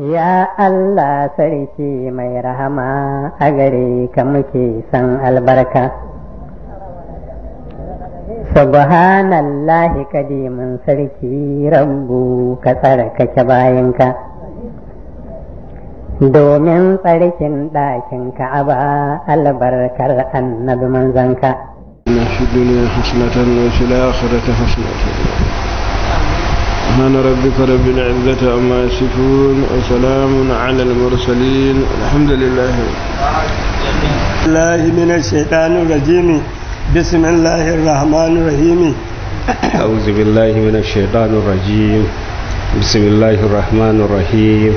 Ya Allah sarki mai rahama a gare ka muke san albarka. Subhanallahi kadimin sarki rabbu ka tsarkake bayanka. Domin tsarkin ɗakin ka'aba albarkar annabi manzanka. Na shi la'akhirata سبحان ربك رب العزة عما يصفون وسلام على المرسلين الحمد لله الله من الشيطان الرجيم بسم الله الرحمن الرحيم أعوذ بالله من الشيطان الرجيم بسم الله الرحمن الرحيم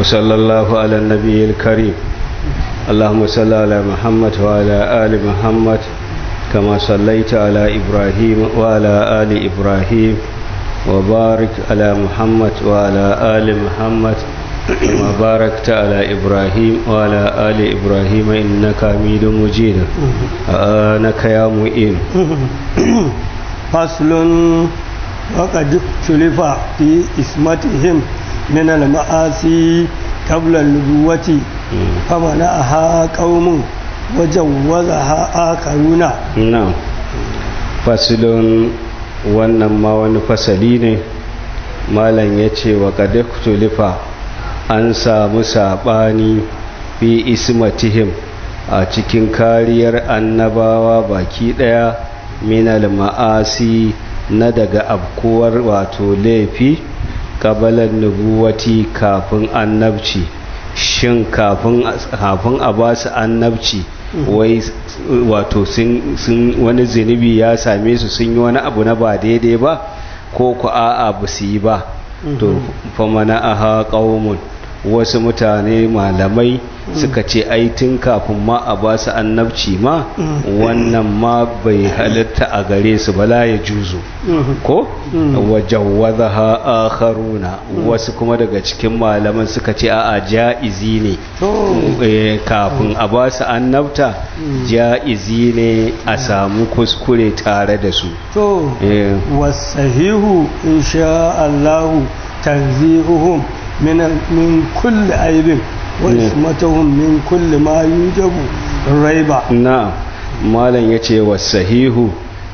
وصلى الله على النبي الكريم اللهم صل على محمد وعلى آل محمد كما صليت على إبراهيم وعلى آل إبراهيم وبارك على محمد وعلى آل محمد كما باركت على إبراهيم وعلى آل إبراهيم إنك حميد مجيد آنك يا مؤين فصل وقد اختلف في اسمتهم من المعاصي قبل النبوة فمنعها قوم وجوزها آخرون نعم فصل wannan ma wani fasali ne malam ya ce wa tulifa an samu saɓani fi ismatihim a cikin kariyar annabawa baki ɗaya minal ma'asi na daga abkuwar wato laifi ƙabalar nubuwati kafin annabci shin kafin a ba su annabci wai wato sun wani zunubi ya same su sun yi wani abu na ba daidai ba ko ku a'a ba su yi ba to mm-hmm. famana aha qaumun wasu mutane malamai suka ce ai tun kafin ma a ba su annabci ma wannan ma bai halitta a gare su ba la ya juzo ko wajawaza ha akharuna wasu kuma daga cikin malaman suka ce a ja'izi ne oh. eh, kafin a ba su annabta hmm. ja'izi ne a samu kuskure tare da su to eh. wasahihu insha Allahu tanzihuhum min kulli aibin wa hmm. ismatahum min kulli ma yujabu raiba na'am malam yace wa sahihu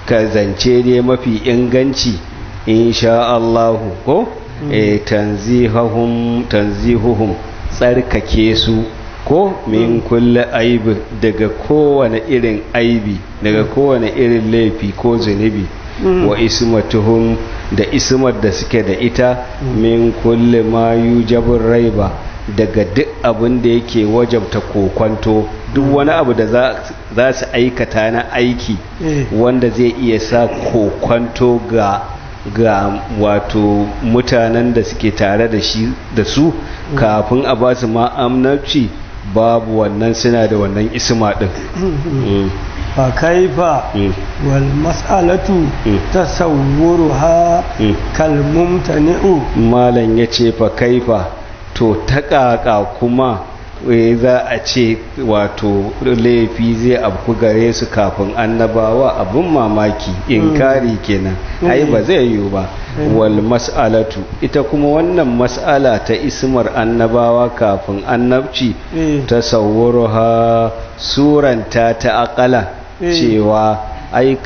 ka zance ne mafi inganci insha Allah ko hmm. eh tanzihuhum tanzihuhum tsarkake su ko min kulle aibi daga kowane irin aibi daga kowane irin laifi ko zunubi mm. wa ismatuhum da ismar da suke da ita mm. min kulle ma yujabun raiba daga duk abin da yake wajabta kokwanto duk mm. wani abu da za su aikata na aiki eh. wanda zai iya sa kokwanto ga ga wato mutanen da suke tare da shi da su kafin a ba su ma'amnabci babu wannan suna da wannan isma ɗin mm. mm. fa kaifa mm. wal mas'alatu tasawwuruha kal mumtani'u malan yace fa kaifa to ta kaka kuma za a ce wato laifi zai abu gare su kafin annabawa abin mamaki inkari kenan ai ba zai yiwu ba wal mas'alatu ita kuma wannan mas'ala ta ismar annabawa kafin annabci ta eh. tasawwuruha suranta ta akala eh. cewa ai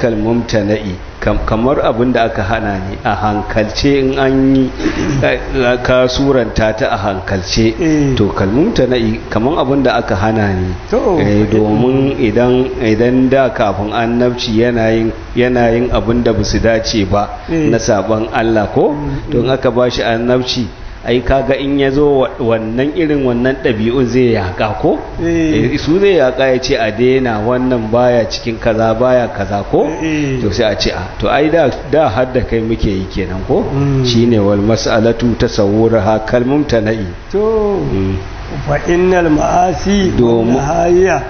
na'i. kamar abin da aka hana ne a hankalce in an yi eh, ka suranta ta a hankalce eh. to kalmun na kamar abin da aka hana ne eh, domin idan da kafin annabci yanayin abin da ba su dace ba na sabon Allah ko don mm. aka ba shi annabci ai kaga in ya zo wannan irin wannan ɗabi'un zai yaƙa ko eh. Eh, su zai yaƙa ya ce a daina wannan baya cikin kaza baya kaza ko eh. to sai a ce a to ai da da har da kai muke yi kenan ko hmm. shine wal mas'alatu ha kalmum tana'i to hmm. fa innal ma'asi domin hayya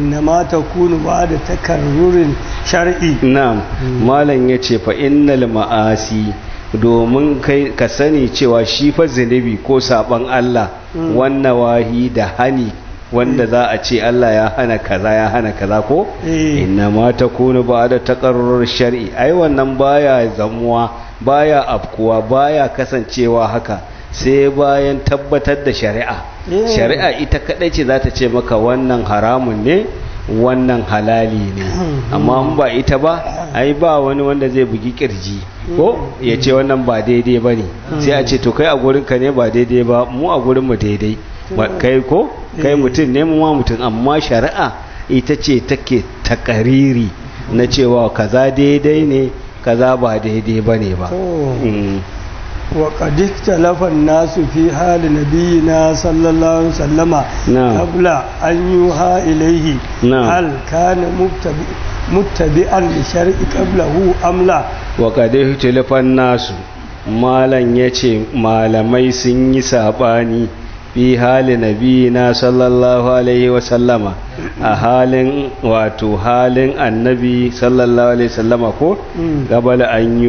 na ma takunu ba da takarrurin shar'i na'am hmm. malam yace fa innal ma'asi domin kai ka sani cewa shi fa zunubi ko saban Allah mm. wannan wahi da hani wanda za a ce Allah ya hana kaza ya hana kaza ko eh. inna ma takunu da taqarrur shar'i ai wannan baya zamuwa baya afkuwa baya kasancewa haka sai bayan tabbatar da shari'a eh. shari'a ita kadai ce za ta ce maka wannan haramun ne wannan halali ne amma in ba ita ba ai ba wani wanda zai bugi kirji ko ya ce wannan ba daidai ba ne sai a ce to kai a gurin ka ne ba daidai ba mu a gurin mu daidai kai ko kai mutum ne mu ma mutum amma shari'a ita ce take takariri na cewa kaza daidai ne kaza ba daidai ba ne ba oh. mm. وقد اختلف الناس في حال نبينا صلى الله عليه وسلم قبل أن يوحى إليه هل كان متبعا لشرع قبله أم لا وقد اختلف الناس malan ya ce malamai sun yi saɓani fi hali nabiyina sallallahu alaihi wasallama a halin wato halin annabi sallallahu alaihi wasallama ko gabal an yi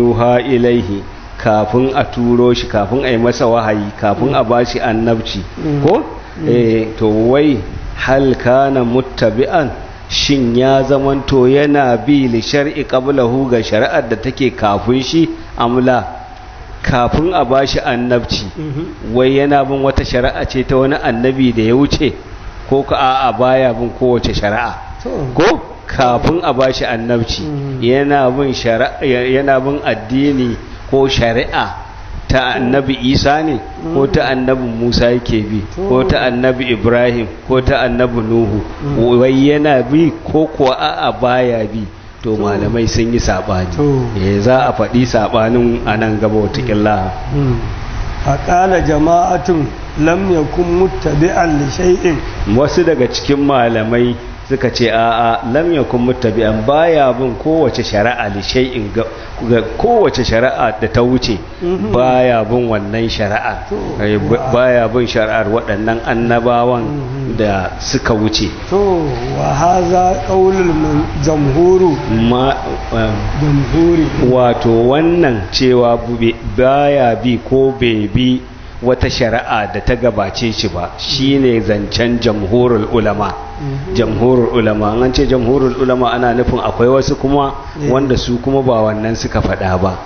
ilaihi kafin a turo shi kafin a yi masa wahayi kafin a bashi annabci ko eh to wai hal kana muttabi'an shin ya to yana bi li shar'i qablahu ga shari'ar da take kafin shi amla kafin a bashi annabci mm-hmm. wai yana bin wata shari'a ce ta wani annabi da ya wuce ko ka a'a baya bin kowace shari'a ko kafin a bashi annabci mm-hmm. yana bin addini ko shari'a ta annabi isa ne ko ta annabi musa yake bi ko ta annabi ibrahim ko ta annabi nuhu wai yana bi ko kuwa a'a baya bi to malamai sun yi saɓani ya eh, za a faɗi saɓanin a nan gaba watakila hmm. a ƙala jama'atun lam kun mutabi'an da shay'in wasu daga cikin malamai suka ce a'a lam yakun muttabi'an baya bin kowace shari'a li shay'in ga kowace shari'a da ta wuce mhm. baya bin wannan shari'a eh, baya bin shari'ar waɗannan annabawan mhm. da suka wuce to wa haza qaulul jamhuru ma eh, jamhuri wato wannan cewa baya bi ko bai bi wata shari'a da ta gabace shi ba shine zancen jamhurul ulama mhm. jamhurul ulama an ce jamhurul ulama ana nufin akwai wasu kuma eh. wanda su kuma ba wannan suka faɗa ba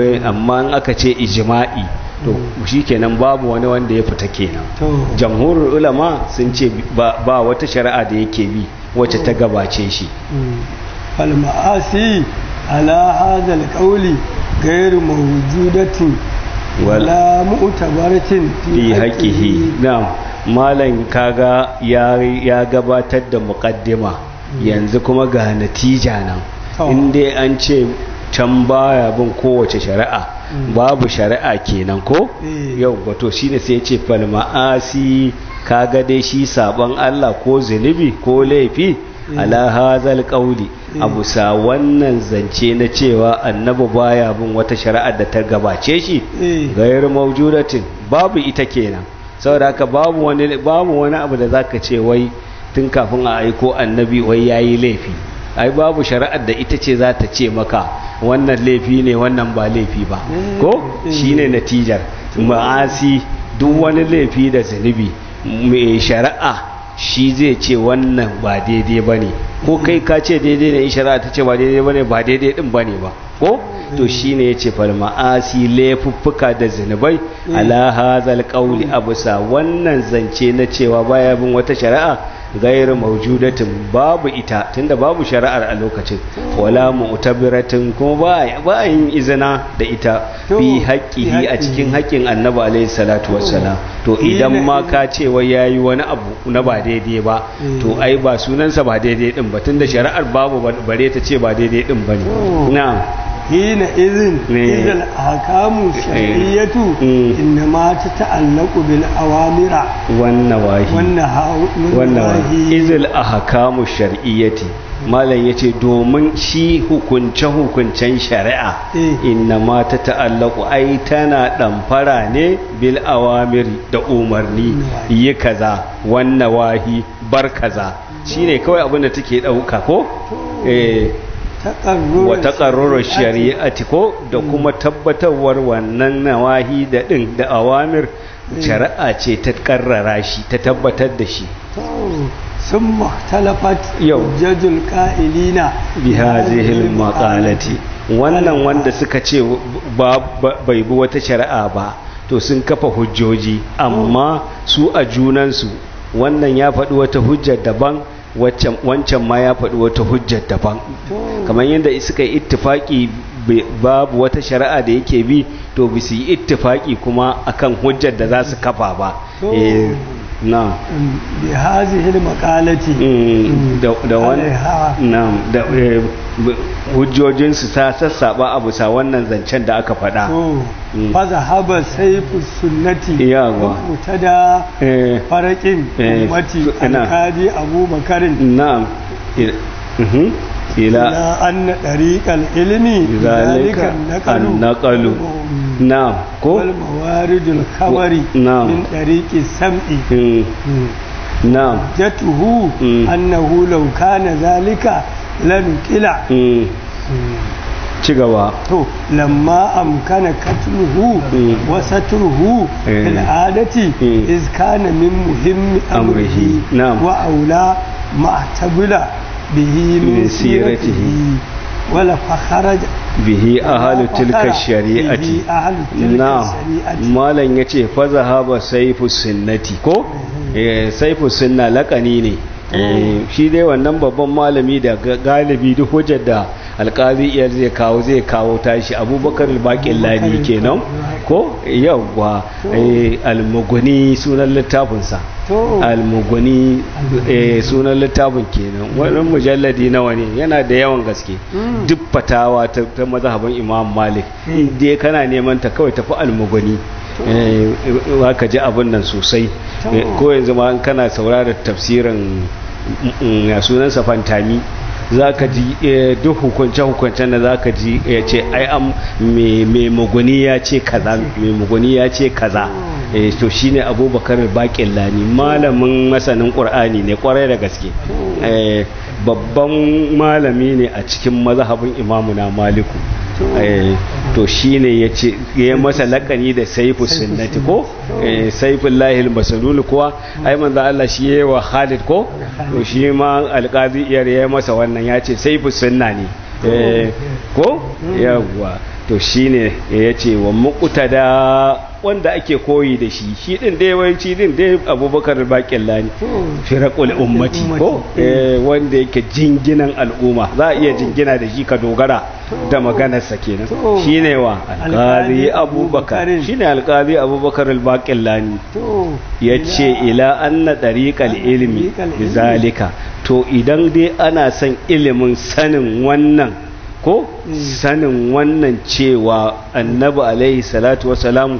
eh. amma an aka ce ijima'i to mm. shi kenan babu wani wanda ya fita kenan jamhurul ulama sun ce ba wata shari'a da yake bi wacce ta mm. gabace shi mm. falma'asi ala hadal kauli ghairu mawjudatin wala mu'tabaratin fi haqqihi na'am malam kaga ya ya gabatar da muqaddima yanzu kuma ga natija nan oh. In dai an ce can baya bin kowace shari'a mm. babu shari'a kenan ko eh. yau wato shine sai ya ce fal ma'asi kaga dai shi sabon Allah ko zunubi ko laifi Eh. ala hazal qauli eh. abu sa wannan zance na cewa annabi baya bin wata shari'ar da ta gabace shi eh. gairu maujudatin babu ita kenan saboda haka babu wani babu wani abu da zaka ce wai tun kafin a aiko annabi wai yayi laifi ai babu shari'ar da ita ce za ta ce maka wannan laifi ne wannan ba laifi ba ko shine natijar ma'asi duk wani laifi da zunubi mai shari'a shi zai ce wannan ba daidai ba ne ko kai ka ce daidai ne in shari'a ta ce ba daidai ba ne ba daidai din ba ne ba ko to shi ne ya ce falma'asi laifuffuka da zunubai ala hazal a abusa wannan zance na cewa baya bin wata shari'a gairu maujudatin babu ita tunda babu shari'ar a lokacin wala mu'tabiratin kuma ba yin izina da ita fi haƙƙihi a cikin hakkin annabi alaihi salatu wassalam to idan ma ka ce wai yayi wani abu na ba daidai ba eh. to ai ba sunansa ba daidai din ba tunda shari'ar babu bare ba daidai din bane na'am hina izin eh. idan ahkamu eh. shar'iyyatu mm. inna ma ta ta'allaqu bil awamira wan nawahi wan nawahi izil ahkamu shar'iyyati malam yace domin shi hukunce hukuncen shari'a eh. inna mata ta ai tana damfara ne bil awamiri da umarni yi kaza wan wahi bar kaza shine kawai abunda da take ɗauka ko eh wa shari'a shari'ati ko da kuma tabbatarwar wannan nawahi da ɗin da awamir shari'a ce ta karrara shi ta tabbatar da shi sun muhtalafat jajul qa'ilina bi zai maqalati wannan wanda suka ce bai bi wata shari'a ba to sun kafa hujjoji amma su a junansu wannan ya faɗi wata hujjar daban wancan ma ya faɗi wata hujjar daban kamar yadda suka yi ittifaki babu wata shari'a da yake bi to bisu yi ittifaki kuma akan hujjar da za su kafa ba eh, Na. bi hazihi maqalati mm, mm, da wani da eh, ta sassaba a bisa wannan zancen da aka faɗa mm. fa zahaba sayfu sunnati إلى أن طريق العلم ذلك النقل نعم والموارد الخبر نعم من طريق السمع نعم جته أنه لو كان ذلك لنقل ci gaba to lamma amkana katluhu wa satruhu fil adati iz kana min muhimmi amrihi wa به من سيرته فخرج به أهل تلك الشريعة نعم ما لن يتي فذهب سيف السنة كو سيف السنة لقنيني shi dai wannan babban malami da galibi duk hujjar da alkazi iya zai kawo zai kawo tashi abubakar bakin lani kenan ko yawwa almuguni sunan littafinsa almuguni eh, sunan littafin kenan wannan hmm. mujalladi nawa ne yana da yawan gaske hmm. duk fatawa ta mazhabin imam malik hmm. dai kana neman ta kawai tafi almuguni eh, ka ji abin nan sosai eh, ko yanzu ma kana saurarar tafsirin mm, mm, sunansa fantami za ka ji eh, duk hukunce-hukuncen da za ka ji ya eh, ce ai an mai maguni ya ce kaza mai maguni ya ce kaza eh, to shi abubakar baƙin lani malamin masanin ƙur'ani ne kwarai da gaske babban malami ne a cikin mazhabin na maliku to shi ya ce ya masa lakani da saifu sunnati ko saifu lahil masalul kuwa ai manzo Allah shi ya wa Khalid ko to shi ma alqazi iyar ya masa wannan nan ya ce sai sunna ne eh, ko mm. yawwa to shine ya ce wa da wanda ake koyi da shi shi din dai yawanci din dai abubakar bakin lani firakul ummati ko eh, wanda yake jinginan al'umma za a iya jingina da shi ka dogara da maganarsa kenan shi ne wa alƙazi abubakar shi ne abubakar bakin lani ya ce ila an na ilimi bizalika to idan dai ana son ilimin sanin wannan ko mm. sanin wannan cewa annabi alaihi salatu wasalam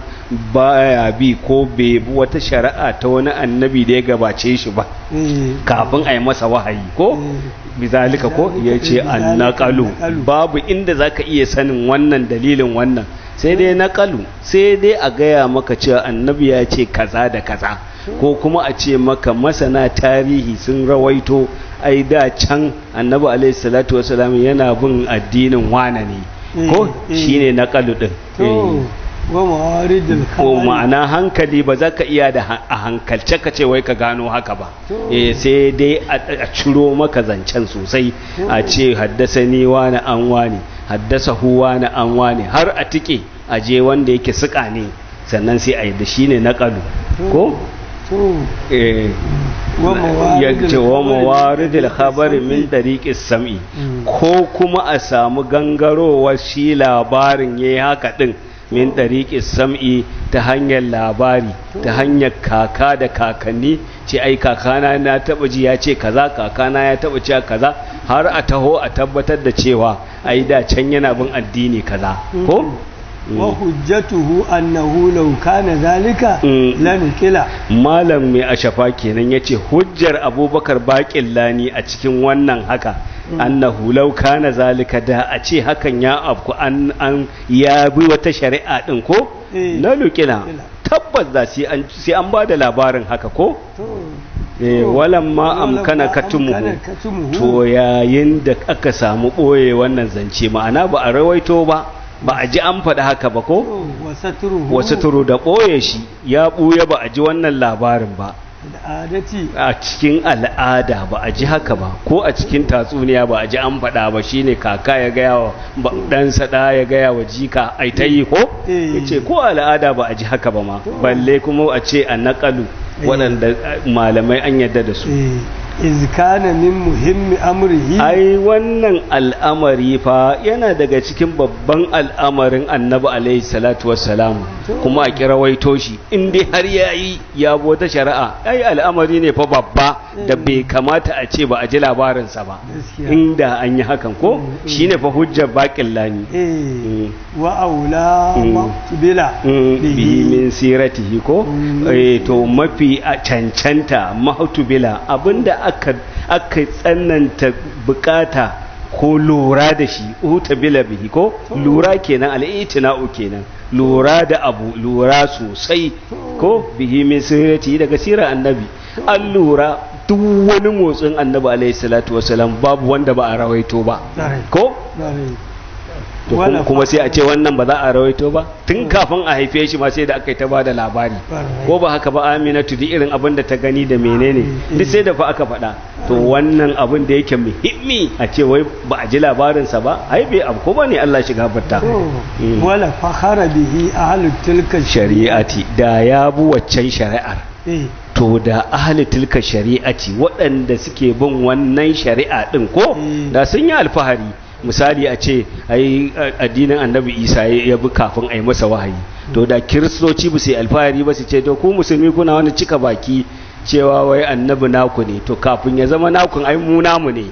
baya bi ko bai bi wata shari'a ta wani annabi da ya gabace shi ba mm. kafin a yi masa wahayi ko mm. bizalika ko ya ce annakalu babu inda za ka iya sanin wannan dalilin wannan sai dai nakalu sai dai a gaya maka cewa annabi ya ce kaza da kaza ko kuma a ce maka masana tarihi sun rawaito ai da can annabi alaihi salatu wasalam yana bin addinin wana ne ko eh, eh. shine na kalu din eh. ko ma'ana hankali ba za ka iya da a hankalce ka ce wai ka gano haka ba sai dai a ciro maka zancen sosai a ce haddasa ni wani an wani haddasa huwa na an wani har a tike a je wanda yake suka ne sannan sai a yi da shi ne na ko ya ce wa mawaridil khabari min dariƙin sam'i ko kuma a samu gangarowar shi labarin yayi haka din min dariƙin sam'i ta hanyar labari ta hanyar kaka da kakanni ce ai kakana na taba ji ya ce kaza kakana ya taba cewa kaza har a taho a tabbatar da cewa ai da can yana bin addini kaza ko Mm. wa hujjatuhu annahu law kana zalika mm. lanqila malam mai ashafa kenan yace hujjar abubakar baqin lani a cikin wannan haka mm. annahu law kana zalika da a ce hakan ya afku an an ya bi wata shari'a din ko eh, lanqila tabbas da sai an ba an bada labarin haka ko eh, walan ma amkana katumuhu to yayin da aka samu boye wannan zance ma'ana ba a rawaito ba ba a ji an faɗi haka ba ko wasu turu da ɓoye shi ya ɓuya ba a ji wannan labarin ba a cikin al'ada ba a ji haka ba ko a cikin tatsuniya ba a ji an faɗa ba shine kaka ya gaya wa ɗansa saɗa ya gaya wa jika ai ta yi ko eh. ya ce ko al'ada ba a ji haka ba ma balle kuma a ce a naƙalu eh. waɗanda eh, malamai an yadda da su izkana min muhimmi amrihi ai wannan al'amari fa yana daga cikin babban al'amarin annabi alaihi salatu wassalam kuma a kirawaito shi in dai har yayi ya ta shari'a ai al'amari ne fa babba da bai kamata a ce ba a ji labarinsa ba inda an yi hakan ko mm, mm. shine fa hujjar baƙin lani eh, mm. wa aula maqbila bi min siratihi ko eh, to mafi a cancanta mahtubila abinda aka aka tsananta bukata ko lura da shi uta bila bihi ko lura kenan al'itina'u kenan lura da abu lura sosai ko bihi mai sirrati daga sirar annabi an lura duk wani motsin annabi alaihi salatu wasalam babu wanda ba a rawaito ba ko to kuma sai a ce wannan ba za a rawaito ba tun kafin a haife shi ma sai da aka yi ta bada labari ko ba haka ba amina tu di irin abin da ta gani da menene mm. duk sai da fa aka faɗa to wannan abin da yake muhimmi a ce wai ba a ji labarinsa ba ai bai abu ko ba ne Allah shiga batta mm. wala fakhara bihi ahli tilka shari'ati da ya bu waccan shari'ar eh. to da ahli tilka shari'ati waɗanda suke bin wannan shari'a ɗin ko eh. da sun yi alfahari misali a ce ai addinin annabi isa ya bi kafin a yi masa wahayi to da kiristoci ba su alfahari ba su ce to ku musulmi kuna wani cika baki cewa wai annabi naku ne to kafin ya zama naku ai mu namu ne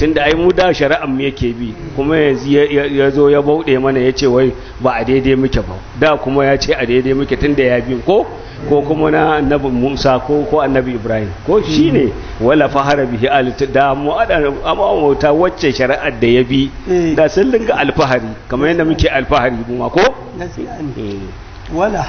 Tun da ai mu da shari'ar mu yake bi kuma yanzu ya zo ya bauɗe mana ya ce wai ba a daidai muke ba da kuma ya ce a daidai muke tun da ya bi ko ko kuma na annabi Musa ko ko annabi Ibrahim ko shine wala fahara bihi alta da mu wata wacce shari'ar da ya bi eh. da sun linga alfahari kamar yadda muke alfahari mu ko eh. wala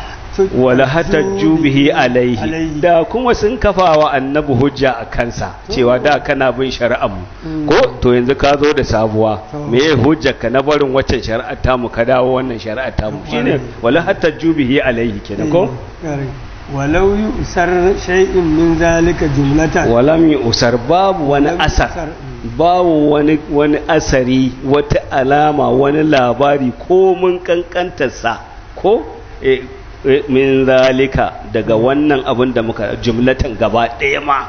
wala hata jubihi alaihi da kuma sun kafa wa annabi hujja a kansa cewa da kana bin shari'ar mu hmm. ko to yanzu ka zo da sabuwa me ya hujja ka na barin waccan shari'ar ta mu ka dawo wannan shari'ar ta mu shine wala hata jubihi alaihi kenan ko hmm. walau yi usar shay'in min zalika jumlatan Wala mi usar babu wani asar hmm. babu wani wani asari wata alama wani labari ko mun kankantarsa ko eh, min zalika daga wannan abin da muka jumlatan gaba ɗaya ma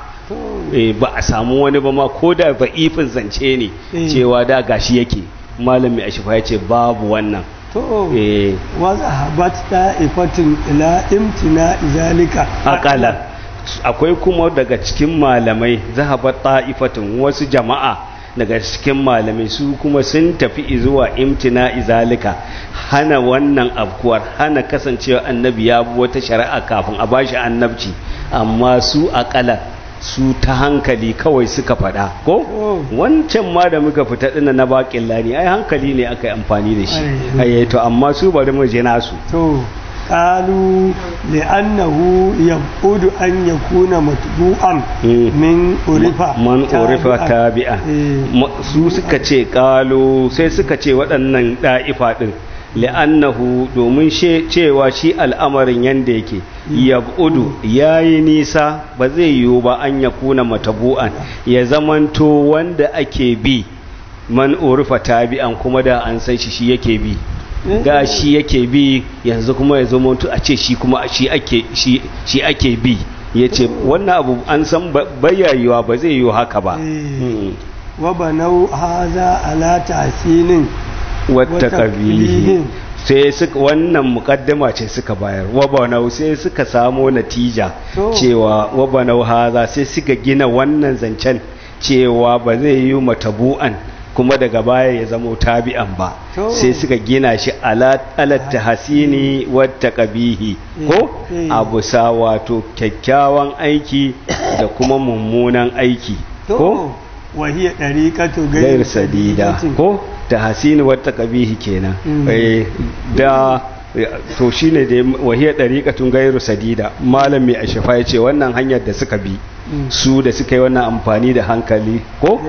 eh, ba a samu wani ba ma ko da ifin zance ne eh. cewa da gashi yake malami a shifa ya ce babu wannan eh. waza habat ta ifatin ila imtina zalika akala akwai kuma daga cikin malamai zahabar ta'ifatin wasu jama'a daga cikin malamai su kuma sun tafi zuwa imtina izalika hana wannan afkuwar hana kasancewa annabi ya bi wata shari'a kafin a bashi annabci amma su akala su ta hankali kawai suka faɗa ko oh. wancan ma da muka fita ɗina na bakin lani ai hankali ne aka yi amfani da shi ayyato amma su bari mu je nasu قالوا لأنه يبعد أن يكون متبوعا من أورفا من أورفا تابعا su suka ce ƙalo sai suka ce waɗannan ɗa'ifa ɗin li'annahu domin cewa shi al'amarin yadda yake yab'udu ya yi nisa ba zai yiwu ba an ya kuna matabu'an ya zamanto wanda ake bi man urufa tabi'an kuma da an san shi shi yake bi ga shi yake bi yanzu kuma ya zama a ce shi kuma shi ake bi ya ce wannan abu an san bayyayewa ba zai yi haka ba eh. hmm. wa banau haza ala tasinin wata kabili sai suka wannan mukaddama ce suka bayar wabanau sai suka samo natija cewa wabanau haza sai suka gina wannan zancen cewa ba zai yi matabu'an kuma daga baya ya zamo tabi'an ba sai suka gina shi alatta hasini wata kabihi mm. ko mm. abu sa wato kyakkyawan aiki da kuma mummunan aiki ko wahiyya ɗariƙatu gair sadida ko ta hasini wata kabihi kenan mm. eh, da to shine da wahiyar ɗariƙatun gairu sadida malam mai shafa ya ce wannan hanyar da suka bi Mm. su da suka yi wannan amfani da hankali ko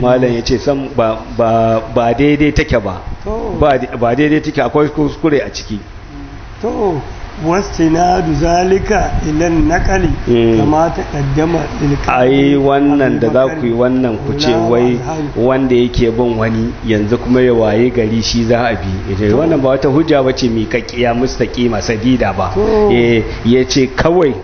malam ya ce san ba daidai take ba ba daidai take akwai kuskure a ciki wastinadu zalika ilan nakali kama ta kaddama ai wannan da za ku yi wannan ku ce wai wanda yake bin wani yanzu kuma ya waye gari shi za a bi wannan ba wata hujja ba ce mai kakkiya mustaqima sadida ba ya ce kawai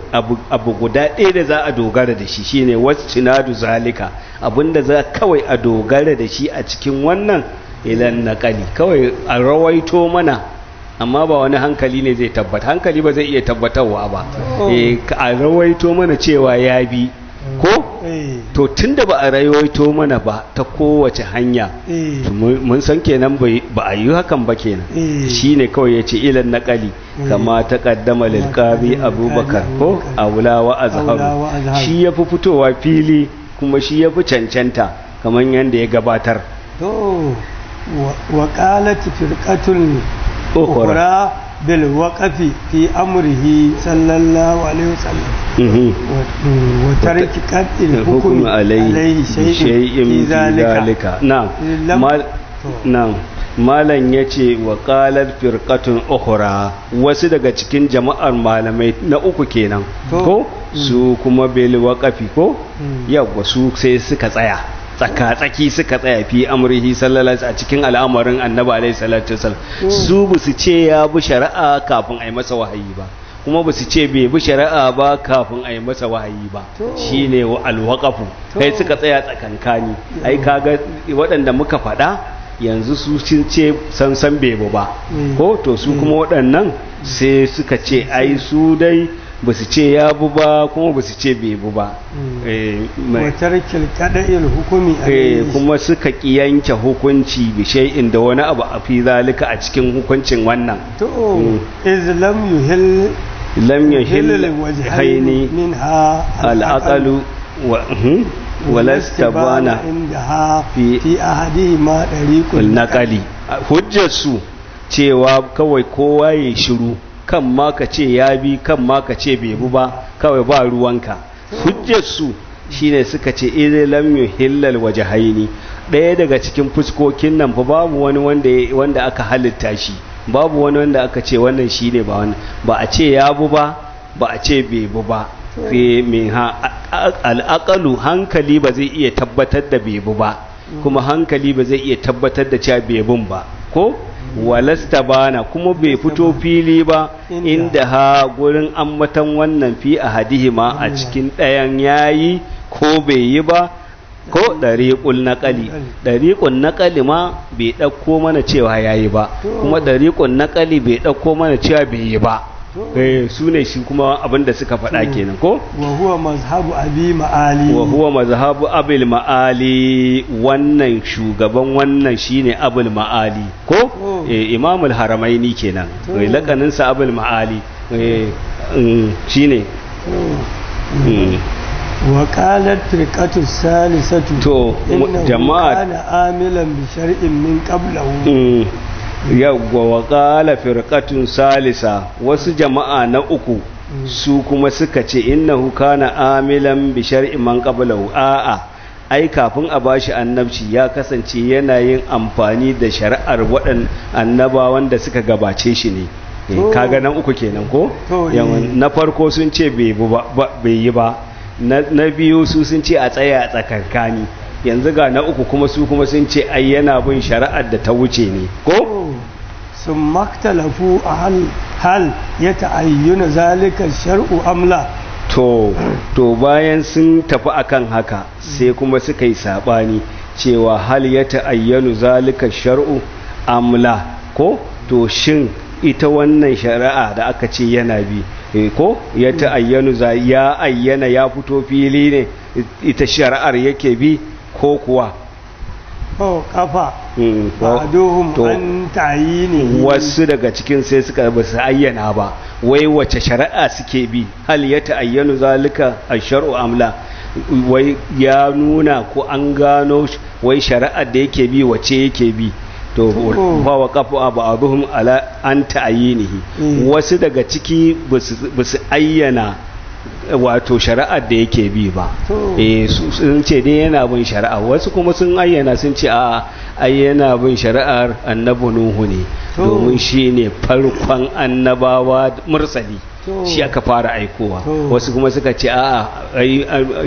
abu guda ɗaya da za a dogara da shi shine wastinadu zalika abinda za kawai a dogara da shi a cikin wannan ilan nakali kawai a rawaito mana amma ba wani hankali ne zai tabbata hankali ba zai iya tabbatarwa ba oh. eh, a rawaito mana cewa ya bi ko eh. to tun da ba a rawaito mana ba ta kowace hanya eh. mun san kenan ba a yi hakan ba kenan Shi ne kawai ya ce ilan naƙali kama ta ƙaddama lilƙari abubakar ko a wulawa a zaharu shi ya fi fitowa fili kuma shi ya fi cancanta kamar yadda ya gabatar to waƙalat firƙatun ukura bil waqafi fi amrihi sallallahu alaihi wasallam wa mhm. tarki qatl hukm alaihi shay'in fi zalika na'am na'am malam ya ce wa kalar firkatun ukura wasu daga cikin jama'ar malamai na uku kenan ko mm. su kuma beli waƙafi ko mm. yawwa su sai suka tsaya tsakatsaki suka tsaya fi amurihi sallallahu a cikin al'amarin annabi alaihi salatu wasallam mm. su bu su ce ya bi shari'a kafin a yi masa wahayi ba kuma ba su ce bai bi shari'a ba kafin a yi masa wahayi ba shine alwaqafu kai suka tsaya tsakankani ai kaga waɗanda muka faɗa yanzu su sun ce sansan bebo ba mm. ko to su kuma waɗannan mm. sai suka ce ai su dai ba su ce ya bu ba kuma ba su ce bai bu ba hmm. eh, eh, kuma suka ki yanke hukunci bishai'in da wani abu a fi zalika a cikin hukuncin wannan to hmm. islam yuhil lam yuhil haini minha al'aqalu wa hmm? walasta bana fi ahadihima dariqul naqali hujjar su cewa kawai kowa ya shiru kan ma ka ce ya bi kan ma ka ce bai bu ba kawai ba ruwanka hujjarsu shine suka ce idan lam yuhillal wajhaini ɗaya daga cikin fuskokin nan fa babu wani wanda wanda aka halitta shi babu wani wanda aka ce wannan shine ba wannan ba a ce ya bu ba ba a ce bai bu ba sai min ha al'aqalu hankali ba zai iya tabbatar da bai bu ba kuma hankali ba zai iya tabbatar da cewa bai bun ba ko walasta bana kuma bai fito fili ba inda ha gurin ammatan wannan fi a hadihima a cikin ɗayan yayi ko bai yi ba ko ɗariƙun naƙali ɗariƙun naƙali ma bai ɗauko mana cewa yayi ba kuma ɗariƙun naƙali bai ɗauko mana cewa bai yi ba Eh, su ne shi kuma abinda suka faɗa mm. kenan ko? wahuwa mazhabu abi ma'ali wahuwa mazhabu abil ma'ali wannan shugaban wannan shine abul ma'ali ko? Mm. Eh, imamul haramaini kenan mm. eh, sa abul ma'ali shine وقالت فرقة الثالثة إنه amilan bi shar'in min qablahu yawwa wa ƙala firƙatun salisa wasu jama'a na uku su kuma suka ce innahu kana amilan bi Iman man a'a ai kafin a bashi annabci ya kasance yana yin amfani da shari'ar waɗan annabawan da suka gabace shi ne eh, kaga nan uku kenan ko eh. na farko sun ce bai yi ba na biyu su sun ce a tsaya a tsakankani yanzu ga na uku kuma su kuma sun ce ai yana bin shari'ar da ta wuce ne ko sun maktalafu a hal ya ta'ayyuna zalika shar'u amla to bayan sun tafi akan haka sai kuma suka yi sabani cewa hal ya ta'ayyanu zalika shar'u amla ko to shin ita wannan shari'a da aka ce yana bi eh, ko ya ta'ayyanu ya ayyana ya fito fili ne ita shari'ar yake bi ko kuwa ko kafa Ba'aduhum mm, an ta'yini wasu daga cikin sai suka basu ayyana ba wai wace shari'a suke bi hal ya ta'ayyanu zalika ash-shar'u amla wai ya nuna ko an gano wai shari'ar da yake bi wace yake bi to ba wa kafa ba'aduhum ala an ta'yinihi mm. wasu daga ciki basu su ayyana wato shari'ar da yake bi ba eh sun ce dai yana bin shari'a wasu kuma sun ayyana sun ce a yana bin shari'ar annabu nuhu ne domin shi ne farkon annabawa mursali shi aka fara aikowa wasu kuma suka ce a'a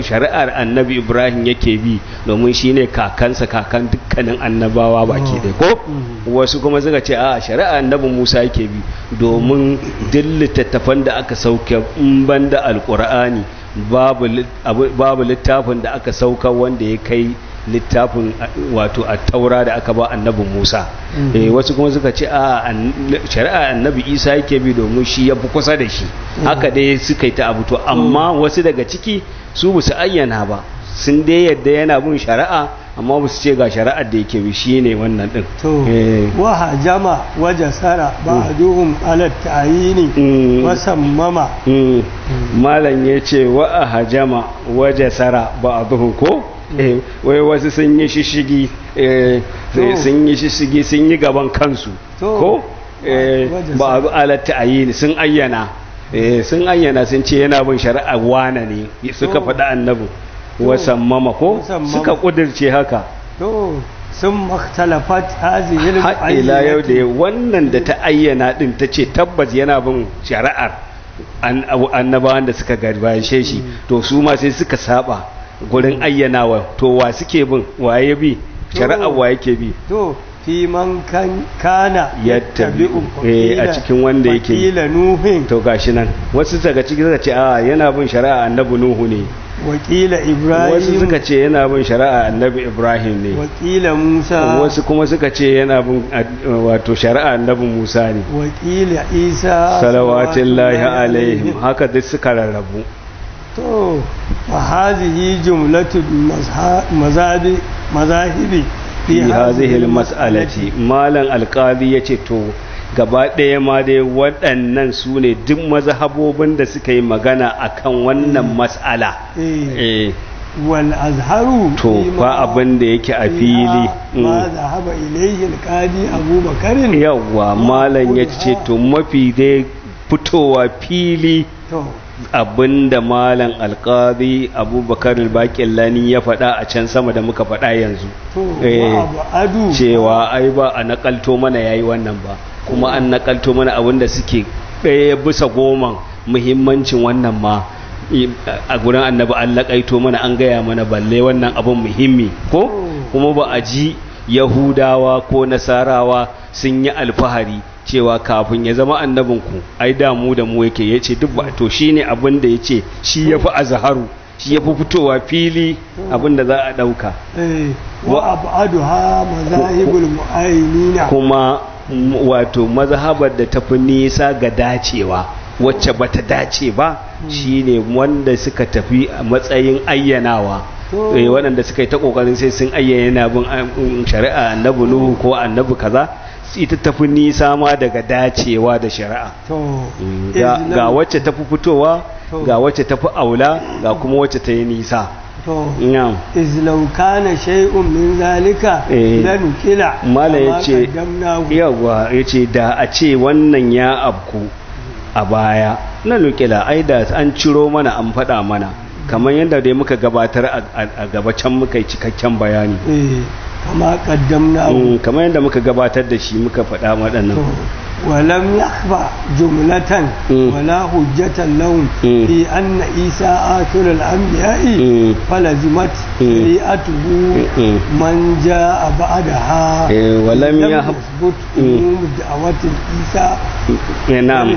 shari'ar annabi ibrahim yake bi domin shi ne kakansa kakan dukkanin annabawa baki ɗaya ko mm-hmm. wasu kuma suka ce a'a shari'ar annabi musa yake bi domin duk littattafan da aka sauke in ban da alƙur'ani babu littafin da aka sauka wanda ya kai littafin wato a taura da aka ba annabin musa mm-hmm. eh, wasu kuma suka ce a shari'a annabi isa yake bi domin shi ya fi kusa da shi mm-hmm. haka dai suka yi ta abu to amma mm-hmm. wasu daga ciki su ba su ayyana ba sun dai yadda yana bin shari'a amma ba su ce ga shari'ar da yake bi shi ne wannan din to eh. wa hajama wa jasara ba mm. duhum ala ta'yini mm. wa sammama mm. malam yace wa hajama wa jasara ba duhu ko Eh, wai wasu sun yi shishigi eh, eh, sun yi shishigi sun yi gaban kansu ko ba abu alatta a yi sun ayyana sun ayyana sun ce yana bin shari'a wana ne suka faɗi annabin wasan mama ko suka ƙudirce haka sun makhtalafat hazihil ila yau da wannan da ta ayyana din ta ce tabbas yana bin shari'ar annabawan da suka garbashe shi mm. to su ma sai suka saba gurin ayyanawa to wa suke bin waye bi shari'a wa yake bi to fi man kana tabi eh, a cikin wanda yake wakila nuhin to gashi nan wasu daga cikin suka ce a ah, yana bin shari'a annabi nuhu ne wakila ibrahim wasu suka ce yana bin shari'a annabi ibrahim ne wakila musa wasu kuma suka ce yana bin wato shari'a annabi musa ne wakila isa salawatullahi alaihim haka duk suka rarrabu to fa hazihi jumlatu mazabi mazahibi fi hazihi almas'alati malan alqadi yace to gaba ɗaya ma dai waɗannan su ne duk mazhabobin da suka yi magana akan wannan mm. mas'ala eh. Eh. wal azharu to fa abin da yake a fili mm. Yawwa Malam ilayhi ce yawa malan yace to mafi dai fitowa fili Abin da malam alkazi abubakar baƙin lani ya faɗa a can sama da muka faɗa yanzu eh, cewa ai ba a nakalto mana ya yi wannan ba kuma an nakalto mana abin da suke ɗaya bisa goma muhimmancin wannan ma a gurin annabi an laƙaito mana an gaya mana balle wannan abin muhimmi ko kuma ba a ji yahudawa ko nasarawa sun yi alfahari cewa kafin ya zama annabinku ai damu da mu yake ya ce duk ba to shi abin da ya ce shi ya fi azharu shi ya fi fitowa fili abin da za a ɗauka eh, wa abu ha mazahibul mu'ayyina kuma wato mazhabar da tafi nisa ga dacewa wacce bata dace ba shine wanda suka tafi a matsayin ayyanawa eh, waɗanda suka yi ta ƙoƙarin sai sun ayyana bin um, shari'a annabi nuhu ko annabi kaza ita tafi nisa ma daga dacewa da shari'a mm, ga wacce tafi fitowa ga wacce tafi aula ga kuma wacce ta yi nisa izlauka na shai'un min zalika da eh. nukila mala ya ce ya ce da a ce wannan ya abku a baya na nukila ai da an ciro mana an faɗa mana kamar yadda dai muka gabatar a gabacin muka yi cikakken bayani eh, kama mm, kamar yadda muka gabatar da shi muka faɗa waɗannan ولم يخفى جملة ولا حجة لهم في أن إيساء آخر الأنبياء فلزمت شريعته من جاء بعدها ولم يثبت أمور دعوة عيسى نعم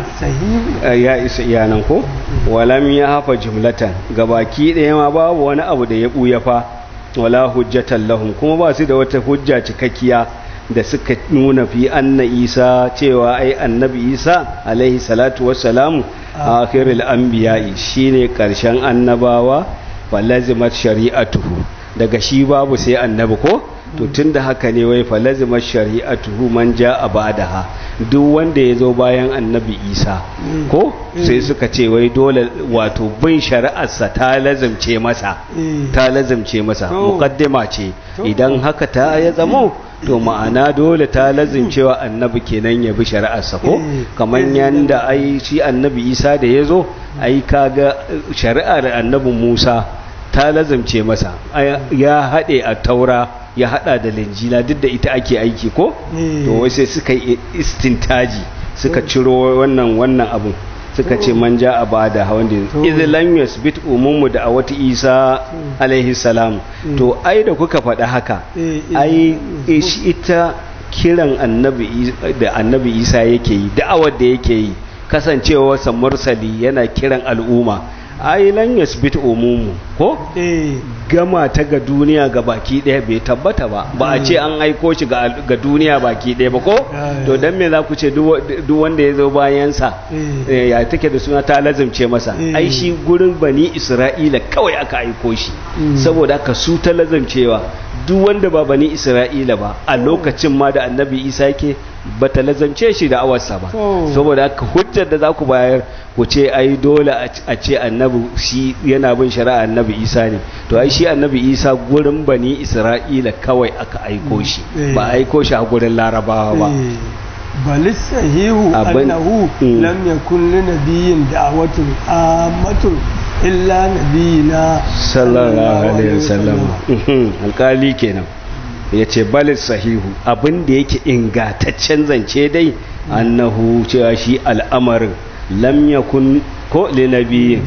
يا إيساء يا نكو ولم يخفى جملة gabaki ɗaya ma babu wani abu da ya ɓuya fa wala hujjatan lahum kuma ba da suka nuna fi anna isa cewa ai annabi isa alaihi salatu wassalamu akhirul shi shine karshen annabawa falazimat shari'atuhu daga shi babu sai annabi ko to tun da haka ne wai falazimar tuhu man ja a ba'daha duk wanda ya zo bayan annabi isa mm. ko mm. sai suka ce wai dole wato bin shari'arsa ta lazimce masa mm. ta lazimce masa mukaddima ce idan haka ta ya zamo to ma'ana dole ta lazimcewa annabi kenan ya bi shari'arsa ko kamar yanda ai shi annabi isa da ya zo ai kaga shari'ar annabi musa ta lazimce masa ya haɗe a taura ya hada da linjila duk da ita ake aiki ko eh. to wai sai suka yi istintaji suka ciro wannan wannan abun suka ce a ba a bada da Izi lam bit umumu da a wata isa mm. alaihi salam mm. to ai da kuka faɗi haka eh, eh, ai ita kiran annabi da annabi isa yake yi da'awar da yake yi kasancewarsa mursali yana kiran al'umma ai lan bit umumu ko gama ta ga duniya ga baki ɗaya bai tabbata ba ba a ce an aiko shi ga duniya baki ɗaya ba ko to dan me za ku ce duk wanda ya zo bayansa eh. Eh, ya take da suna ta lazimce masa eh. ai shi gurin bani isra'ila kawai aka aiko shi hmm. saboda ka su ta lazimcewa duk wanda ba bani isra'ila ba a hmm. lokacin ma da annabi isa yake ba ta lazance shi da awarsa ba hmm. saboda ka hujjar da za ku bayar ku ce ai dole a ce annabi shi yana bin shari'a annabi isa ne to ai shi annabi isa gurin bani isra'ila kawai aka aiko shi eh. ba aiko shi a gurin larabawa ba eh. balisa sahihu annahu mm. lam yakun li nabiyyin da'watun amatu illa nabiyina sallallahu alaihi wasallam alkali kenan yace balis sahihu abin da yake ingataccen zance dai mm. annahu cewa shi al'amarin lam yakun ko linabi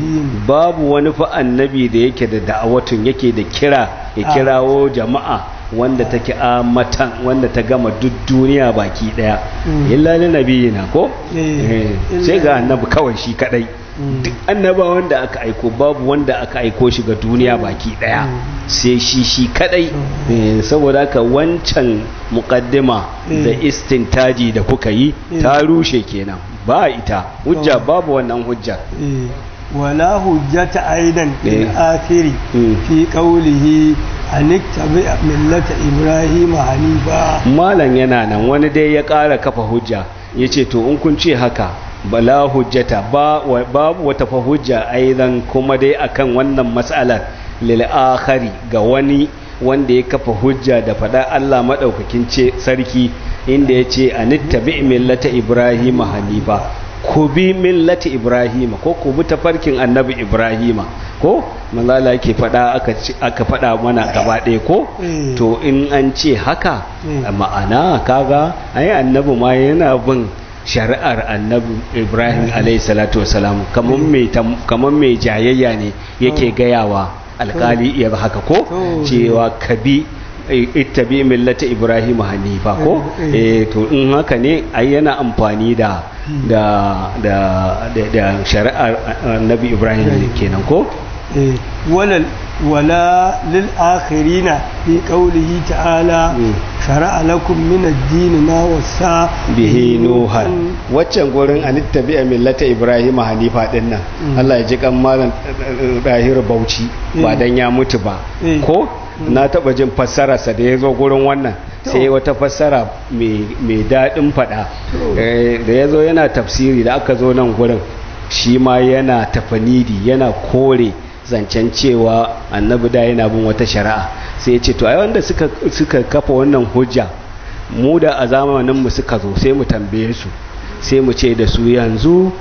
babu wani fa annabi da yake da da'awatun yake da kira ya ah. kirawo jama'a wanda take amatan wanda ta gama duk duniya baki daya mm. illa linabi na ko eh, eh, sai ga annabi kawai shi kadai mm. duk annaba wanda aka aiko babu wanda aka aiko shi ga duniya baki daya mm. sai shi shi kadai eh, saboda ka wancan muqaddima da istintaji da kuka yi ta rushe kenan ba ita hujja oh. babu wannan hujja eh, wala hujjata aidan fil eh. akhiri hmm. fi qawlihi anik tabi millata ibrahim hanifa malan yana nan wani dai ya ƙara kafa hujja yace to in kun ce haka bala hujjata babu wata fa hujja aidan kuma dai akan wannan matsalar lil akhari ga wani wanda ya kafa hujja da faɗa Allah maɗaukakin ce sarki inda ya ce a millata ibrahima hanifa ku bi millata ibrahima ko ku bi tafarkin annabi ibrahima ko malala yake faɗa aka faɗa mana gaba ɗaya ko mm. to in an ce haka mm. ma'ana kaga ai annabi ma yana bin shari'ar annabi ibrahim mm. alayhi salatu wasalam kamar mai jayayya ne yake gayawa alkali iya ba haka ko cewa ka kabi eh, ittabi millata ibrahim hanifa ko eh, eh, eh to in haka ne ai yana amfani da hmm. da shari'ar annabi ibrahim kenan ko ولا eh, wala في قوله تعالى شرع لكم من الدين ما وصى به نوحا غورن ان تتبع gurin ابراهيم حنيفا millata ibrahima hanifa كان nan hmm. Allah ya با دان يا bauchi eh. ba dan ya mutu ba eh. ko hmm. na taba jin wannan sai wata fassara mai daɗin faɗa da ya zo yana tafsiri da aka zo nan gurin shi ma yana tafanidi yana kore zancen cewa annabi da yana bin wata shari'a sai ya ce to ai wanda suka suka kafa wannan hujja mu da a zamanin mu suka zo sai mu tambaye su sai mu ce da su yanzu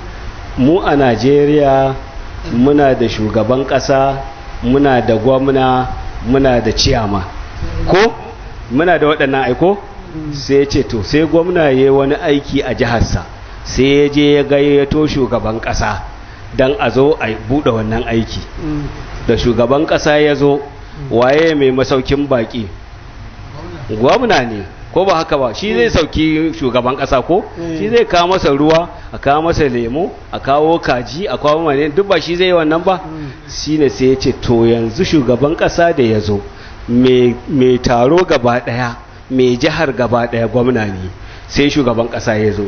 mu a Najeriya muna da shugaban kasa muna da gwamna muna da ciyama ko muna da waɗannan aiko sai ya ce to sai gwamna ya wani aiki a jihar sa sai ya je ya gayyato shugaban kasa. Dan a zo a buɗe wannan aiki mm. da shugaban ƙasa ya zo mm. waye mai masaukin baƙi gwamna ne ko ba haka ba shi mm. zai sauki shugaban ƙasa ko shi zai kawo masa ruwa a kawo masa lemo a kawo kaji a kawo mane duk ba shi zai wannan ba shi ne sai ya ce to yanzu shugaban ƙasa da ya zo mai taro gaba ɗaya mai jihar gaba ɗaya gwamna ne sai shugaban ƙasa ya zo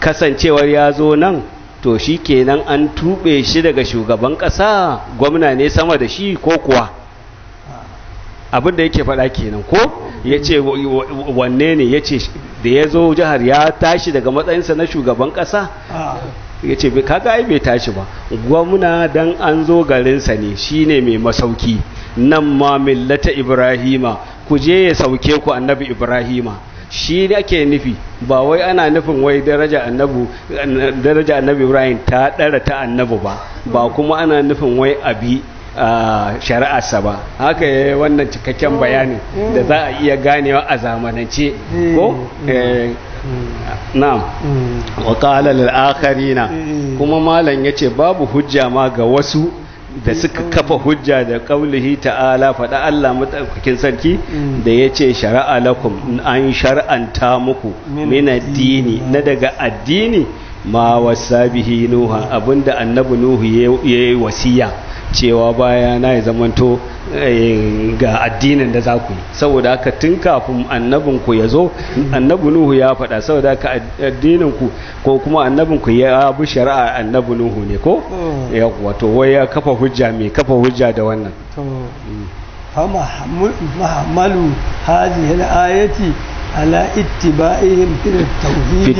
kasancewar ya zo nan to shi kenan an tuɓe shi daga shugaban ƙasa gwamna ne sama da shi ko kuwa abin da yake faɗa kenan ko ya ce wanne ne ya ce da ya zo jihar ya tashi daga matsayinsa na shugaban kasa. ya ce kaga ai bai tashi ba gwamna dan an zo garinsa ne shi ne mai masauki nan ma millata ibrahima ku je ya sauke ku annabi ibrahima shi ake nufi ba wai ana nufin wai daraja annabi ibrahim ta ɗara ta annabu ba ba kuma ana nufin wai abi shari'arsa ba haka ya wannan cikakken bayani da za a iya ganewa a zamanance ko na wakalar al'akari na. kuma malam ce babu hujja ma ga wasu da suka kafa hujja da kaulihi ta'ala faɗa Allah matsaukakin sarki mm. da ya ce shara'a lakum an shar'anta muku min addini na daga addini ma wasa bihi nuha abinda annabi nuhu ya yi wasiya cewa baya na ya zamanto eh, ga addinin da za ku yi saboda haka tun kafin annabin ku ya zo annabi nuhu ya faɗa saboda haka addinin ku ko kuma annabin ku ya bi shari'a annabi nuhu ne ko hmm. wato wai ya kafa hujja mai kafa hujja da wannan فمحمل هذه الآية على اتباعهم fa التوحيد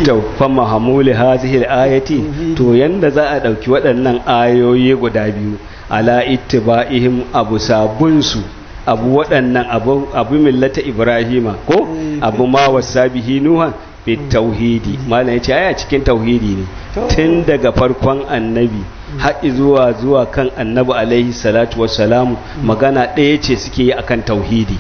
hazi هذه ayati to yadda za a dauki waɗannan ayoyi guda biyu ala ittiba'ihim abu sabunsu abu waɗannan abu abu millata ibrahima ko mm. abu ma wasabihi nuha bit mm. tauhidi malam yace aya cikin tauhidi ne tun daga farkon annabi mm. har zuwa zuwa kan annabi alaihi salatu wassalam magana ɗaya ce suke yi akan tauhidi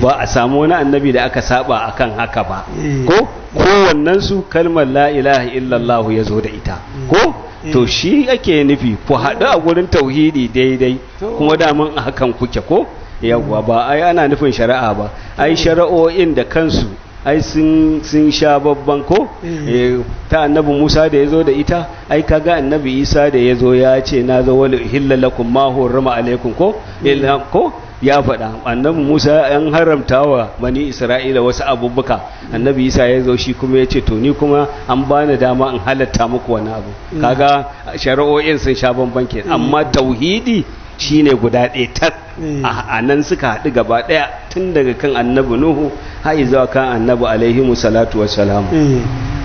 ba a samu wani annabi da aka saba akan haka ba ko kowannen su kalmar la ilaha illallah ya zo da ita ko to shi ake nufi ku haɗu a wurin tauhidi daidai kuma daman a hakan kuke ko yawwa ba ai ana nufin shari'a ba ai shari'o'in da kansu ai sun sha babban ko eh. Eh, ta annabi musa da ya zo da ita ai kaga annabi isa da ya zo ya ce na zo wani hillalakun ma hurrama ko eh. ya faɗa annabi Musa an haramta wa bani Isra'ila wasu abubuka annabi Isa ya zo shi kuma ya ce to ni kuma an bani dama in halatta muku wani abu mm. kaga shari'o'in sun sha bamban kenan mm. amma tauhidi shine guda ɗaya tak mm. a nan suka haɗu gaba ɗaya tun daga kan annabi Nuhu har zuwa kan annabi alaihi salatu salam.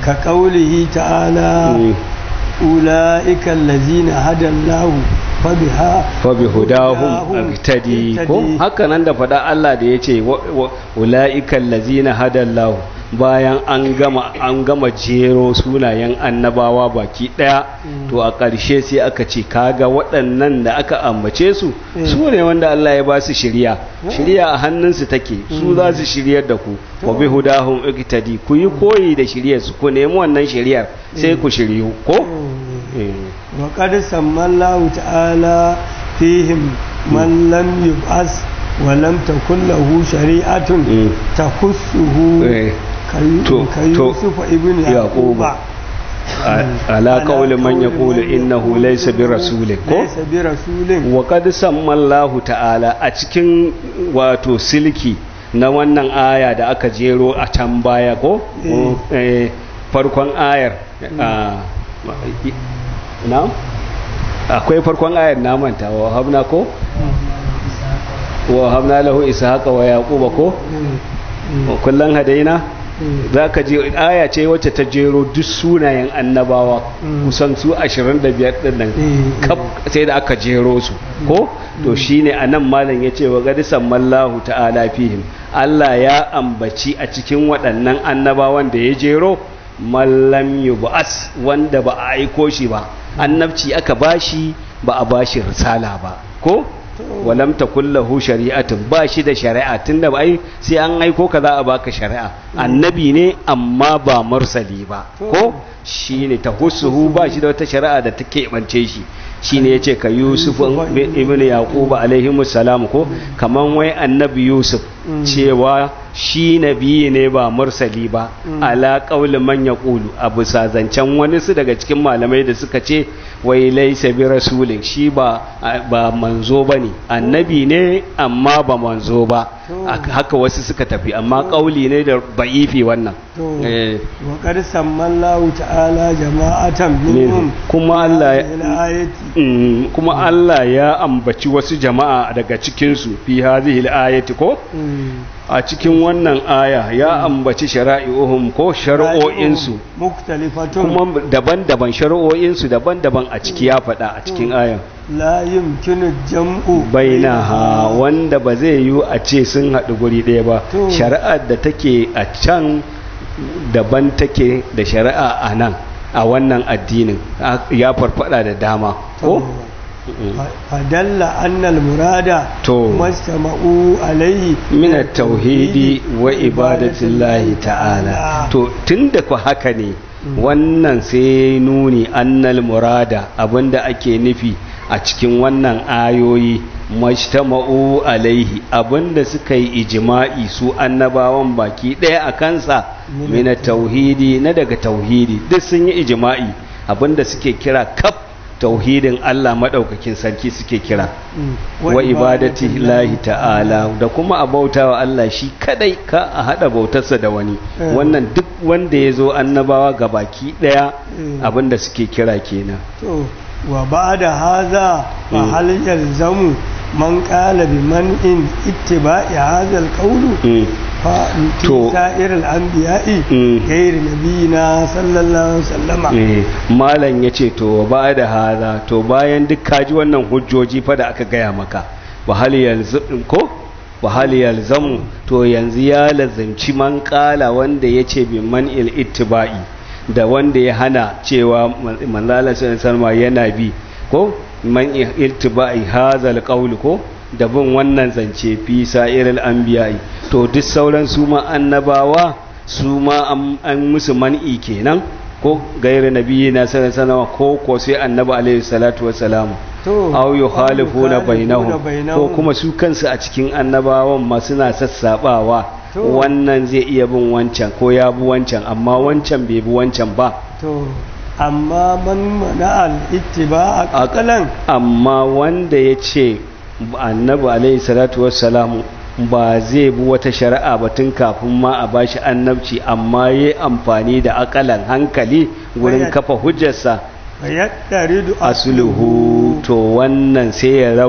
ka kaulihi ta'ala ula'ika allazina hadallahu fabiha fabihudahum abtadi ko haka nan da faɗa Allah da ya ce yace ula'ika allazina hadallahu bayan an gama an gama jero sunayen annabawa baki daya mm. to a ƙarshe sai aka ce kaga waɗannan da aka ambace su mm. su ne wanda Allah ya ba su shirya mm. shirya a hannunsu take su za su shiryar da ku wa bi hudahum iktadi ku yi koyi da shiryar su ku nemi wannan shiryar sai ku shiryu ko eh. wa qad sammallahu ta'ala fihim man lam yub'as wa lam takun lahu shari'atun takhussuhu eh. to to yaquba ala qawli man yaqulu innahu laysa bi rasulin ko wa qad sammallahu ta'ala a cikin wato silki na wannan aya da aka jero a can baya ko eh. Eh, farkon ayar hmm. ah, na akwai farkon ayar na manta wa hamna ko hmm. wa hamna lahu ishaqa wa yaquba ko hmm. Kullan hadaina za ka je aya ce wacce ta jero duk sunayen annabawa mm. kusan su 25 din nan mm, mm. sai da aka jero su ko to shine anan malam ce wa gadi mallahu ta'ala fihim Allah ya ambaci a cikin waɗannan annabawan da ya jero mallam yub'as wanda ba a aiko shi ba annabci aka bashi ba a bashi risala ba ko walam takul lahu shari'atun ba shi da shari'a tun da ai sai an aiko ka za a baka shari'a annabi ne amma ba mursali ba ko shine husuhu ba shi da wata shari'a da ta keɓance shi shine yace ka Yusuf ibn Yaquba alaihi salam ko kaman wai annabi Yusuf mm. cewa shi nabiyi ne ba mursali ba mm. ala manya man yaqulu abu zancen wani su daga cikin malamai da suka ce wai laysa bi rasulin shi ba ba manzo bane annabi ne amma ba manzo ba haka wasu suka tafi amma kauli ne da ba'ifi wannan eh wa qad sammallahu ta'ala jama'atan minhum kuma Allah mm, kuma Allah ya ambaci wasu jama'a daga cikin su fi hadhihi al-ayati ko mm. a cikin wannan aya ya hmm. ambaci shara'i'uhum ko shari'o'insu kuma daban-daban shari'o'insu daban-daban a ciki ya faɗa a cikin hmm. aya. layin yumkinu jam'u ha wanda ba zai yiwu a ce sun haɗu guri ɗaya ba shari'ar da take a can daban take da shari'a a nan a wannan addinin ya farfada da dama ko fadalla annal murada to mastama'u alaihi min tauhidi wa ibadatillahi ta'ala ah. to tunda ku haka ne hmm. wannan sai nuni annal murada abinda ake nufi a cikin wannan ayoyi majtama'u alaihi abinda suka yi ijima'i su annabawan baki ɗaya a kansa mina tauhidi na daga tauhidi duk sun yi ijima'i abinda suke kira kaf tauhidin Allah maɗaukakin sarki suke kira mm. wa ibadati lahi ta'ala da kuma a bauta wa Allah shi kadai ka a haɗa bautarsa da wani eh. wannan duk wanda ya zo annabawa ga baki ɗaya eh. abinda suke kira kenan wa ba da haza a eh. halin yanzu. man qala bi man in ittiba'i hadha al-qawlu mm. fa biya sa'ir al-anbiya'i mm. ghayr na sallallahu sallama. wasallama eh, ya ce to ba da haza to bayan duk kaji wannan hujjoji fa da aka gaya maka ba hal yanzu ko ba wahali yalzamu to yanzu ya lazimci man kala wanda ya ce bi man il ittiba'i da wanda ya hana cewa manzala salma yana bi ko man irtiba'i hazal qawl ko da bin wannan zance fi sa'iril anbiya'i to duk sauran su ma annabawa su ma an musu man'i kenan ko gairi nabiyyi na sanawa ko ko sai annabi alaihi salatu wassalamu aw yukhalifuna bainahum ko kuma su kansu a cikin annabawan ma suna sassabawa wannan zai iya bin wancan ko ya bi wancan amma wancan bai bi wancan ba amma man mana al'ittiba a ƙaƙalan amma wanda ya ce annabi alaihi salatu wassalamu ba zai bi wata shari'a ba tun kafin ma a bashi annabci amma ya amfani da akalan hankali wurin kafa hujjarsa asuluhu to wannan sai ya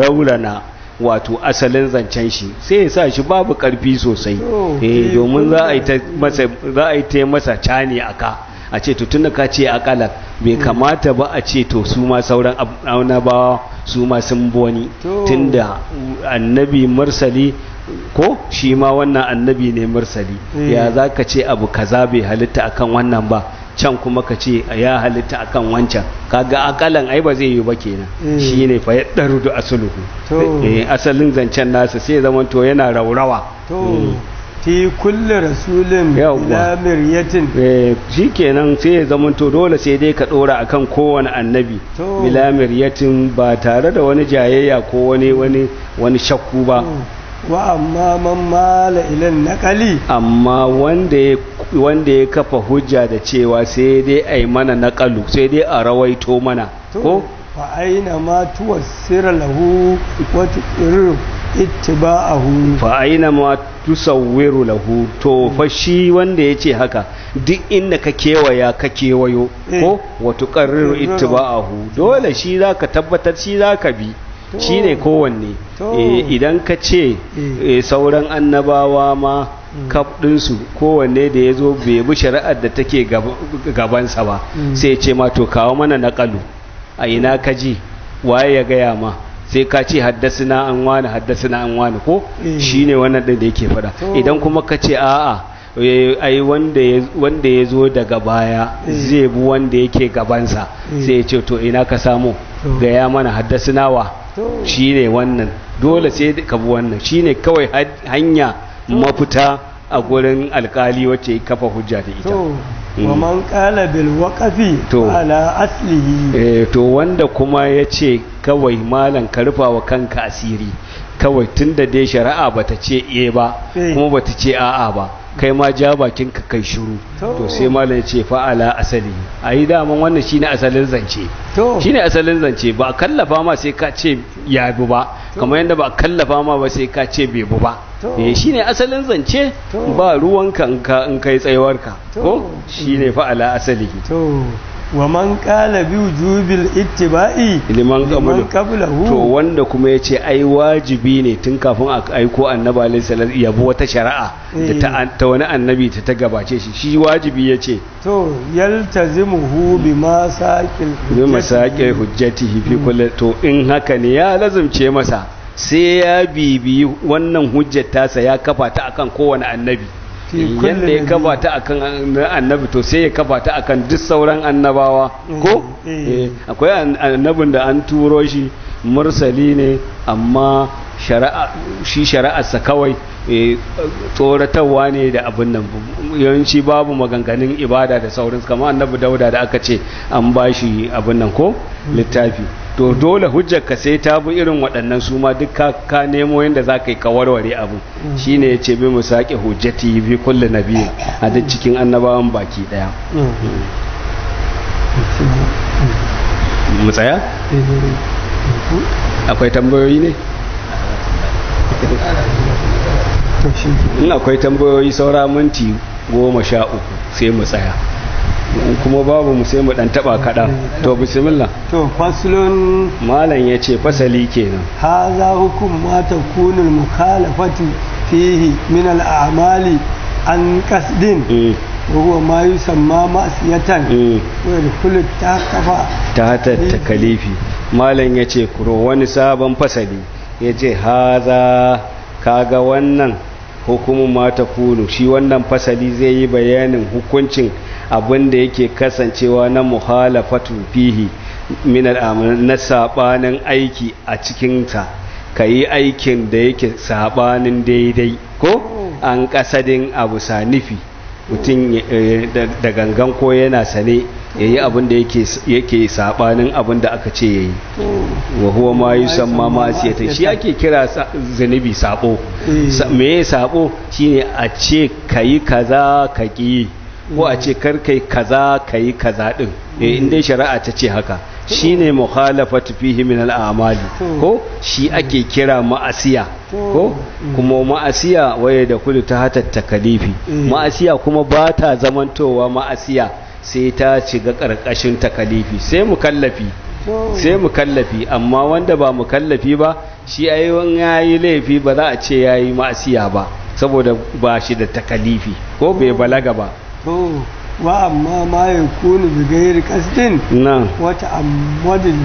raurana wato asalin zancen shi sai ya sa shi babu karfi sosai eh, eh, domin za a yi ta masa cani aka a ce to tunda ka ce akala bai hmm. kamata ba a ce to su ma sauran ba su ma sun boni tunda annabi mursali ko shi ma wannan annabi ne mursali hmm. ya za ka ce abu kaza bai halitta akan wannan ba can kuma ka ce ya halitta akan wancan ka ga akalan ai ba zai yi ba kenan hmm. shine fa ya daru da eh, asalin zancen nasa sai zama to yana raurawa fi kulle rasulin lamir yatin. shi eh, shikenan sai ya zamanto dole sai dai ka dora akan kowane annabi ila yatin ba tare da wani jayayya ko wani wani wani shakku ba wa amma man mala ilan naqali amma wanda ya wanda ya kafa hujja da cewa sai dai ai mana naqalu sai dai a rawaito mana ko fa aina ma tuwassira lahu wa tuqiru ittiba'ahu fa aina ma tusawwiru lahu to fa hmm. shi wanda yace haka duk inda ka kewaya ka kewayo eh. ko wa tuqarriru eh, ittiba'ahu dole shi zaka tabbatar shi zaka bi shi ne kowanne eh, idan ka ce sauran annabawa ma hmm. kaf ɗinsu kowanne da ya zo bai bi shari'ar da take gabansa ba hmm. sai ya ce ma to kawo mana naƙalu a ina ka ji waye ya gaya ma sai ka ce haddasina an wani haddasina an wani ko eh. Shi ne wannan ɗin da yake fada idan kuma ka ce a'a eh, ai wanda ya zo daga baya eh. zai bi wanda yake gabansa sai ya ce to ina ka samu ga ya mana Shi ne wannan dole sai ka bi wannan Shi ne kawai hanya mafita a gurin alkali wacce ya kafa hujja da ita mm. wa man kala bil waqfi ala aslihi eh, to wanda kuma yace kawai malan ka rufa wa kanka asiri kawai tunda dai shari'a bata ce eh ba eh. kuma bata ce a'a ba kai ma ja bakin ka kai shiru to sai malam ya ce fa'ala asali ayi daman wannan shine asalin zance shine asalin zance ba kallafa ma sai ka ce ya bi ba kamar yadda ba kallafa ma ba sai ka ce bai bi ba eh shine asalin zance ba ruwan ruwanka in kai tsayuwarka ko shine fa'ala asali to wa man kala bi wujubil ittiba'i liman qablahu to wanda kuma yace ai wajibi ne tun kafin a aiko annabi sallallahu alaihi ya bi wata shari'a da eh. ta wani annabi ta ta gabace shi shi wajibi yace to yaltazimuhu bima saqil bi saqil hujjatihi fi mm. kulli to in haka ne ya lazumce masa sai ya bibi wannan hujjar tasa ya kafa ta akan kowane annabi yadda ya kaba ta akan annabi to sai ya kaba ta akan duk sauran annabawa mm, ko eh. Eh, akwai annabin da an turo shi mursali ne amma shi shari'arsa kawai eh, tsoratarwa ne da abin nan yawanci babu maganganun ibada da sauransu kamar annabi dauda da aka ce an bashi shi abin nan ko mm. littafi to dole hujjarka sai ta bi irin waɗannan su ma duk ka nemo yadda za ka yi kawarware abu mm. shi ne ya ce bi mu sake hujjati bi kulle na biyu a duk cikin annabawan baki ɗaya mm. mu tsaya? akwai tambayoyi ne? in akwai tambayoyi saura minti goma sha uku sai mu tsaya kuma babu mu sai mu dan taba kada to bismillah to faslun malam yace fasali kenan haza hukum ma takunul mukhalafati fihi min al a'mali an qasdin وهو ما يسمى kullu ta التعقف ta التكاليف malam ya ce kuro wani sabon fasali yace haza kaga wannan hukumun mata kunu shi wannan fasali zai yi bayanin hukuncin Abinda yake kasancewa na muhalafatu fihi min na sabanin aiki a cikinta ka yi aikin da yake sabanin daidai ko an kasadin abu sanifi mutum eh, da gangan ko yana sane ya yi abin da yake sabanin abin da aka ce ya yi wa huwa ma yi san ma yata shi ake kira zunubi sabo me ya Shi shine a ce ka yi kaza ka ƙi ko a ce kar kaza kai kaza din eh in dai shari'a ta ce haka shine mukhalafatu fihi min al-a'mali ko shi ake kira ma'asiya ko kuma ma'asiya waye da kudu ta hatar takalifi mm. ma'asiya kuma ba ta zamantowa ma'asiya sai ta shiga karkashin takalifi sai mukallafi oh. sai mukallafi amma wanda ba mu kallafi ba shi ayi wani yayi laifi ba za a ce yayi ma'asiya ba saboda ba shi da takalifi ko bai balaga ba To, wa amma ma ya kuni bigayar kastin na wata amadin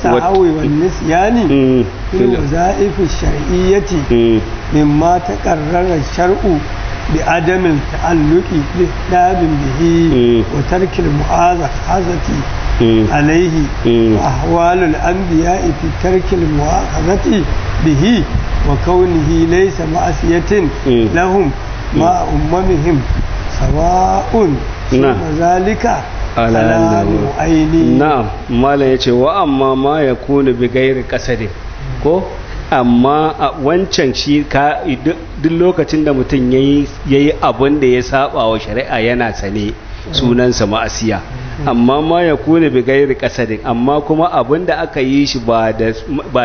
sa'awai wani siyani mm, fil za'ifi shar'iyyati mm. min ma taqarrara shar'u bi adamin ta'alluqi bi dabin bihi mm. wa tarkil mu'azah hazati alaihi wa ahwalul anbiya'i fi tarkil mu'azati bihi wa kaunihi laysa ma'asiyatin lahum ma ummihim sawa'un zalika ala aini na'am malam yace wa amma ma yakunu bi ghairi qasadin ko amma a wancan shi ka duk lokacin da mutum yayi abin da ya saba wa shari'a yana sane sunansa ma'asiya amma ma ya kuna bi gairi amma kuma abin da aka yi shi ba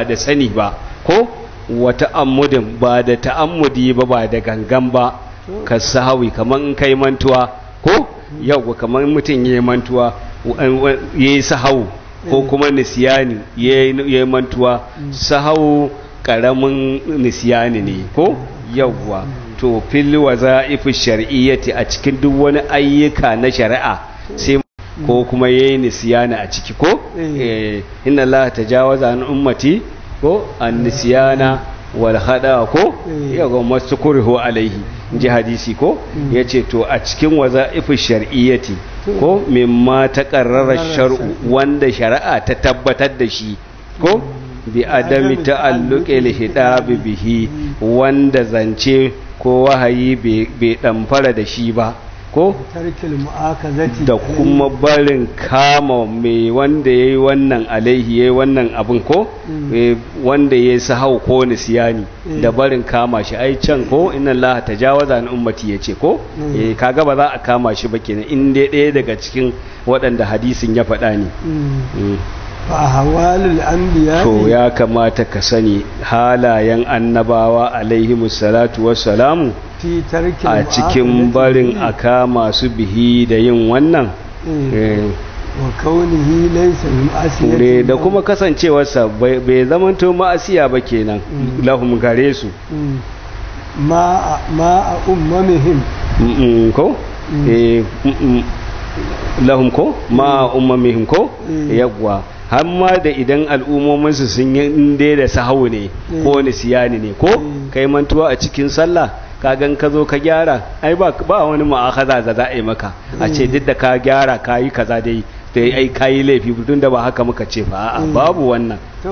da sani ba ko wata ammudin ba da ta'ammudi ba ba da gangan ba ka sahawi kaman kai mantuwa ko yau kaman mutum ya mantuwa ya yi sahawu ko eh. kuma nisiyani ya yi mantuwa mm. sahawu karamin nisiyani ne ko yawwa to fil wa za a cikin duk wani ayyuka na shari'a sai mm. ko kuma ya yi nisiyani a ciki ko eh. eh, ina la ta jawaza an ummati ko an nisiyana wal hada ko eh. ya ga masu kurhu alaihi ji hadisi ko hmm. ya to a cikin waza'ifu shar'iyyati ko mimma ta karrara shar'u wanda shari'a ta tabbatar da shi ko hmm. bi adami ta'alluqi lihidab bihi hmm. wanda zance ko wahayi bai damfara da shi ba ko da kuma barin kama mai wanda ya yi wannan alaihi ya yi wannan abin ko mm. eh, wanda ya yi sahau ko nisiyani mm. da barin kama shi ai can ko inna Allah ta jawaza na ummati ya ce ko mm. eh, kaga ba za a kama shi ba kenan in dai daya daga cikin waɗanda hadisin ya faɗa ne to ya kamata ka sani halayen annabawa alaihi musallatu wassalamu a cikin barin aka masu bihi da yin wannan eh. Eh. wa ne da kuma kasancewarsa bai zamanto ma'asiya ba kenan mm. lahum gare su mm. ma a mm. eh, ummamihim ko? lahum ko? ma a ummamihim ko? yagwa har ma da idan al'ummominsu sun yi inda da sahau ne ko mm. wani siyani ne ko mm. kai mantuwa a cikin sallah ka gan ka zo ka gyara ai ba wani ma'akaza da za a yi maka a ce mm. duk da ka gyara ka yi kaza dai da ai ka yi laifi tun da ba haka muka ce ba a babu wannan To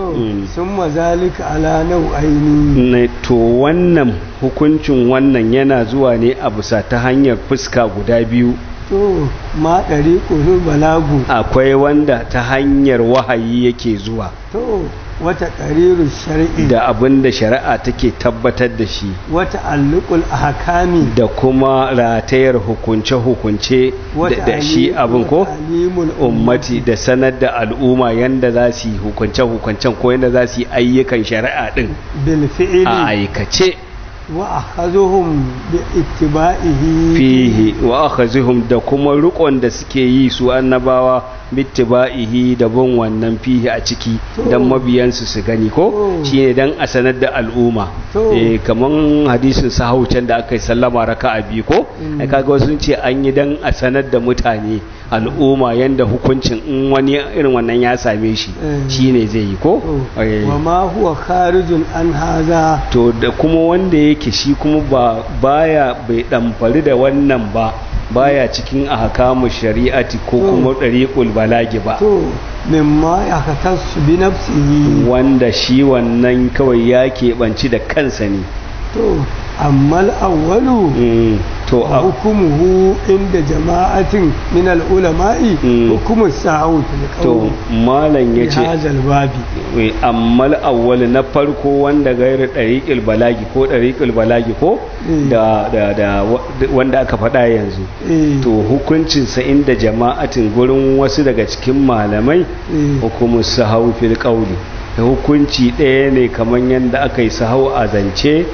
sun mazalika ala nau'aini to wannan hukuncin wannan yana zuwa ne a bisa ta hanyar fuska guda biyu to ma ɗari ƙudu balagu akwai wanda ta hanyar wahayi yake zuwa to wata ƙariru shari'i da abin da shari'a take tabbatar da shi wata allukul hakami da kuma ratayar hukunce-hukunce da shi abin ko ummati da sanar da al'umma yadda za su yi hukunce-hukuncen ko yadda za su yi ayyukan shari'a ɗin a aikace وأخذهم باتباعه فيه وأخذهم da kuma rukon da suke yi su annabawa bittiba'ihi da bin wannan fihi a ciki dan mabiyansu su gani ko shine dan a sanar da al'umma eh kaman hadisin sahaucen da aka yi sallama raka'a biyu ko kaga wasu ce an yi dan a sanar da mutane al'umma yadda hukuncin in wani irin wannan ya same shi eh. shi ne zai yi ko oh. eh. wa ma huwa kharijun an haza to da kuma wanda yake shi kuma ba baya bai damfari da wannan ba baya cikin ahkamu shari'ati ko oh. kuma dariqul balagi ba to mimma ya katas bi nafsihi wanda shi wannan kawai ya keɓanci da kansa ne to amma al'awwalu mm, to a hukumuhu inda jama'atin min al'ulama'i mm. hukumu sa'ud to malam yace hazal babi eh, amma al'awwal na farko wanda gairu dariqil balagi ko dariqil balagi ko eh. da da wanda aka faɗa yanzu eh. to hukuncin sa inda jama'atin gurin wasu daga cikin malamai hukumu sa'ud fil qawli Da hukunci ɗaya ne kamar yadda aka yi sahau a zance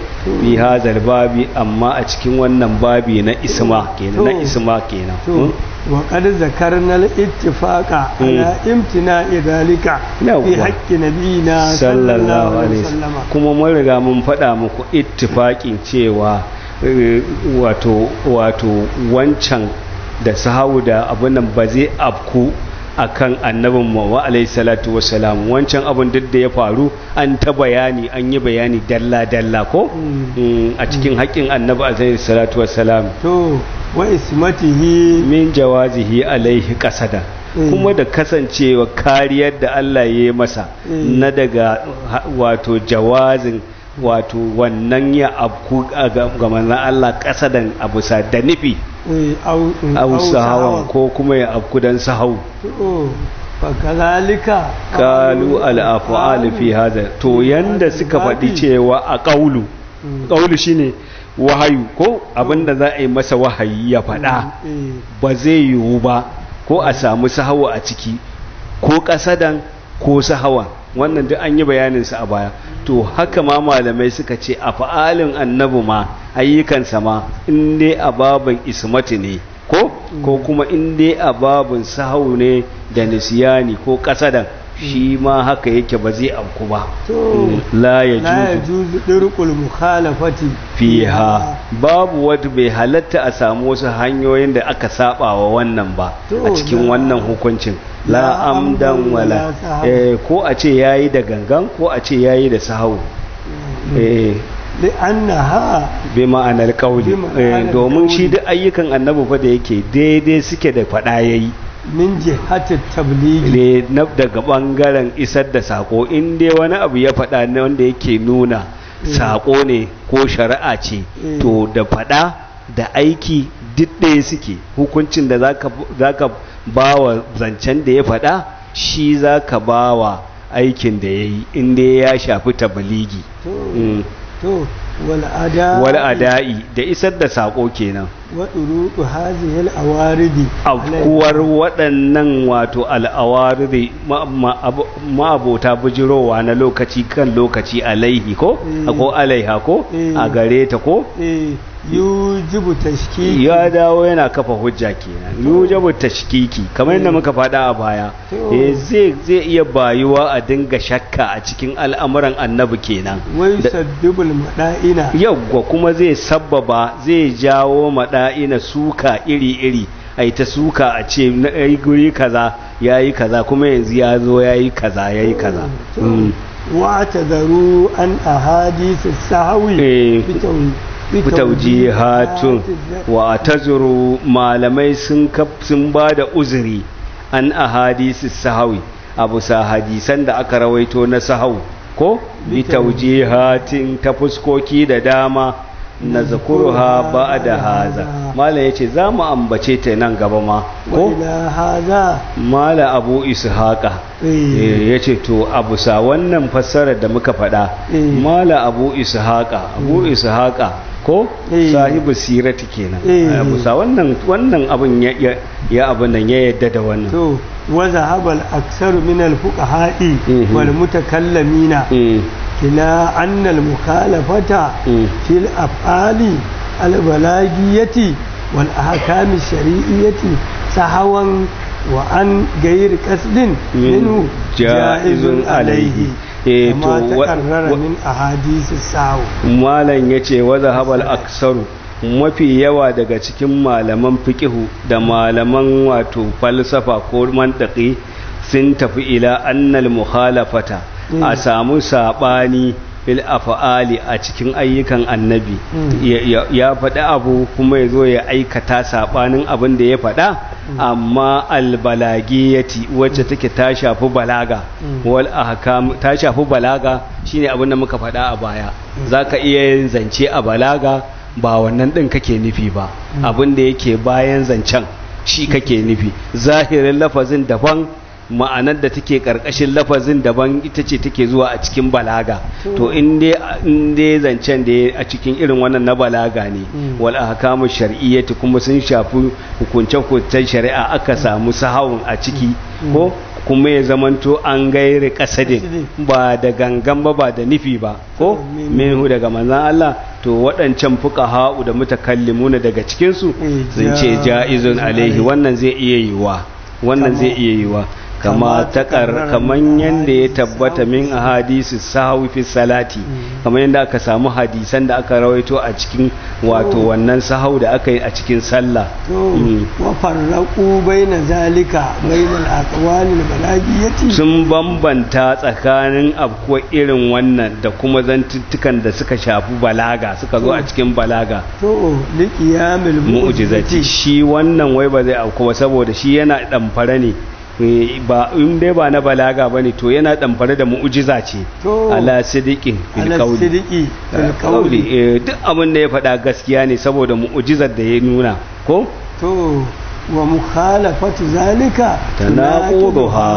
bi hazar babi amma a cikin wannan babi na isma kenan na isma kenan hmm? wa qad zakarna al-ittifaqa ala hmm. imtina idhalika fi haqqi nabiyina sallallahu alaihi wasallam kuma mun riga mun faɗa muku ittifaqin cewa eh, wato wato wancan da sahau da abin nan ba zai afku akan annabin mu wa alayhi salatu wassalam wancan abun duk da ya faru an ta bayani an yi bayani dalla dalla ko mm. Mm, a cikin mm. haƙin annabi alayhi salatu wassalam to wa ismatihi min jawazihi alaihi qasada kuma da kasancewa kariyar da Allah ya yi masa na daga wato jawazin wato wannan ya abku ga manzon Allah kasadan abusa da nufi Eh, au eh, sahawa ko kuma ya afku dan sahau oh, fakazalika qalu al-af'al to yanda suka faɗi cewa a ƙaulu. Hmm. Ƙaulu shi ne wahayu ko abinda hmm. za a yi masa wahayi ya faɗa hmm, eh. ba zai yiwu ba ko a samu sahawa a ciki ko ƙasadan ko sahawan wannan duk an yi bayaninsa a baya to haka ma malamai suka ce a fa'alin annabi ma ayyukansa ma in dai a babin ismati ne ko ko mm. kuma in dai a babin sahau ne da nisiyani ko kasadan mm. shi ma haka yake ba zai auku ba mm. la ya juzu dirqul mukhalafati fiha babu wata bai halatta a samu wasu hanyoyin da aka saba wa wannan ba a cikin wannan hukuncin la amdan wala eh ko a ce yayi da gangan ko a ce yayi da sahawu hmm. eh li'annaha bi ma'anar qawli eh, domin shi duk ayyukan annabi fa da yake daidai suke da fada yayi min jihatat tabligh ne daga bangaren isar da sako in dai wani abu ya fada ne wanda yake nuna hmm. sako ne ko shari'a ce hmm. to da fada da aiki duk ɗaya suke hukuncin da zaka zaka Ba wa zancen da ya faɗa shi za ka ba wa aikin da ya yi inda ya shafi tabaligi mm. wal ada'i da isar da sako kenan waɗuruku yal awaridi afkuwar waɗannan wato al'awaridi ma'abota bujirowa na lokaci kan lokaci alaihi ko eh. ko alaiha ko eh. a gare ko eh. yujibu tashkiki ya dawo yana kafa hujja kenan yujibu tashkiki kamar yadda eh. muka faɗa a baya eh, zai zai iya bayuwa a dinga shakka a cikin al'amuran annabi kenan wai saddibul mada'ina yawwa kuma zai sabbaba zai jawo maɗa'ina suka iri-iri a yi ta suka a ce na guri kaza ya yi kaza kuma yanzu ya zo ya yi kaza ya yi kaza oh, mm. wata zaru an ahadisi sahawi eh. tawjihatun wa tazuru malamai sun ba da uzuri an ahadisi sahawi abu sa hadisan da aka rawaito na sahau ko bi ta fuskoki da dama na zakuruha ba da haza mala ya ce za mu ambace ta nan gaba ma ko mala abu ishaqa eh. Eh, ya ce to abu sa wannan fassarar da muka faɗa eh. mala abu ishaqa abu hmm. ishaqa ko eh. sahibu sirati kenan eh. ah, musa wannan wannan abun ya ya abun nan ya yadda da wannan to wa zahabal aktsaru min al fuqaha'i mhm. wal mutakallimina mm. ila anna al mukhalafata mm. fil af'ali al balagiyati wal ahkam shari'iyati sahawan wa an gairi qasdin minhu ja'izun alaihi eto eh, eh, min malam ya ce wadda habal aksaru mafi yawa daga cikin malaman fikihu da malaman wato falsafa ko mantaki sun tafi ila annal muhalafata a hmm. samu saɓani fil af'ali a cikin ayyukan annabi hmm. ya faɗi abu kuma ya zo ya aikata saɓanin abin da ya faɗa hmm. amma albalagiyati wacce hmm. take ta shafi balaga wal ahkam ta shafi balaga shine abin da muka faɗa a baya zaka iya yin zance a balaga ba wannan ɗin kake nufi ba abin da yake bayan zancen shi kake nufi zahirin lafazin daban ma'anar da take karkashin lafazin daban ita ce take zuwa a cikin balaga to hmm. in dai zancen da a cikin irin wannan na balaga ne hmm. wal ahkamu shar'iyyati kuma sun shafi hukunce hukuncen shari'a aka hmm. samu sahawun a ciki ko kuma ya zamanto an gairi kasadin ba da gangan ba ba da nufi ba ko minhu daga manzan Allah to waɗancan fuka ha'u da mutakallimuna daga cikinsu Zance eh, ce ja'izun alaihi wannan zai iya yiwuwa. wannan zai iya yiwa kama taƙar kaman yadda ya tabbata min a hadisi sahawi fi salati mm. kamar yadda aka samu hadisan da aka rawaito a cikin wato mm. wannan sahau da aka yi a cikin sallah mm. wa bai baina zalika na aqwalil balagiyati sun bambanta tsakanin afkuwa irin wannan da kuma zantuttukan da suka shafi balaga suka zo a cikin balaga to liqiyamil mu'jizati shi wannan wai ba zai abuwa saboda shi yana damfara ne Eh, ba in dai ba na balaga ba ne to yana damfare da mu'ujiza ce ala sidikin filkauli eh, duk abin da ya faɗa gaskiya ne saboda mu'ujizar da ya nuna ko to wa mukhalafatu zalika na ha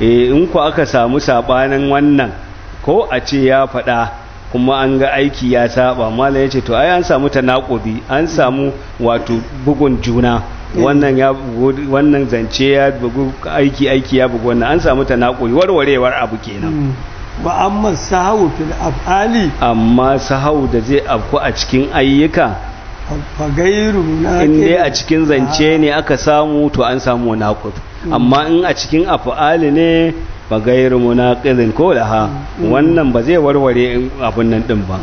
eh, in ku aka samu sabanin wannan ko a ce ya faɗa kuma an ga aiki ya saba mala ce to ai an samu tanakobi an samu wato bugun juna wannan zance ya bugu aiki aiki ya bugu wannan an samu tanakuri warwarewar abu kenan hmm. wa amma sahawu fil af'ali amma sahawu da zai afku a cikin ayyuka fagairu na in dai a cikin zance ne aka samu to an samu nakud hmm. amma in a cikin af'ali ne ba gairu munaqidin ko da ha. Mm. wannan ba zai warware abin nan din ba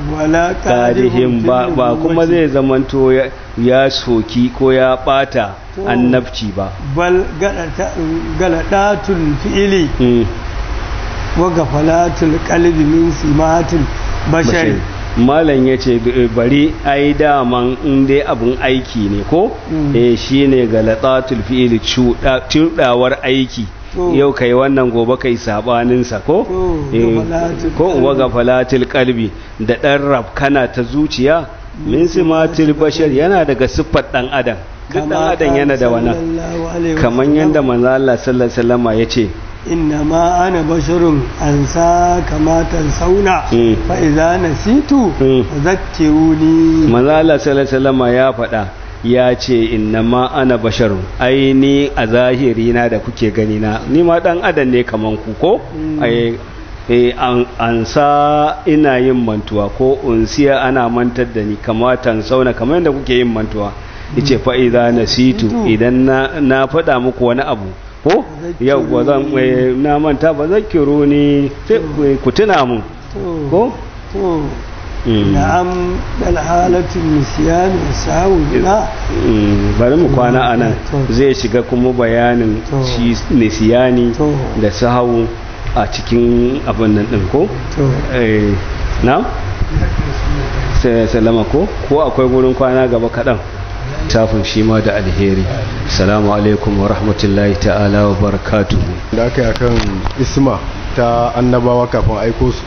tarihim ba ba kuma zai zamanto ya soki ko ya an annabci ba bal galadatul fi'ili mm. wa gafalatul qalbi min simatul bashari malam ya ce bari ai daman in dai abun aiki ne ko mm. eh shine galatatul fi'il cudawar aiki yau kai wannan gobe kai sabaninsa ko eh, ko uwa ga falatil kalbi da ɗan kana ta zuciya min simatil bashar yana daga siffar ɗan adam duk ɗan adam yana da wannan kaman yadda manzo Allah sallallahu alaihi wasallam ya ce inna ma ana basharun an sa kamata sauna hmm. fa idza nasitu hmm. fadhakkiruni manzo Allah sallallahu alaihi wasallam ya faɗa ya ce innama ana basharun ai a zahiri na da kuke gani na ni ma dan adam ne kaman ku ko mm. ai eh, an sa ina yin mantuwa ko unsiya ana mantar da ni kamatan sauna kamar yadda kuke yin mantuwa mm. yace fa idza mm. nasitu idan na na faɗa muku wani abu ko ba zan eh, na manta ba zakiru ni ku tuna mun ko Mm. na'am bal halatun nisyan yasawu na mm. bari mu kwana anan zai shiga kuma bayanin shi da sahu a cikin abin nan din ko eh, na salama ko ko akwai wurin kwana gaba kaɗan tafin shi ma da alheri salamu alaikum wa rahmatullahi ta'ala wa barakatuhu da aka yi akan isma ta annabawa kafin aiko su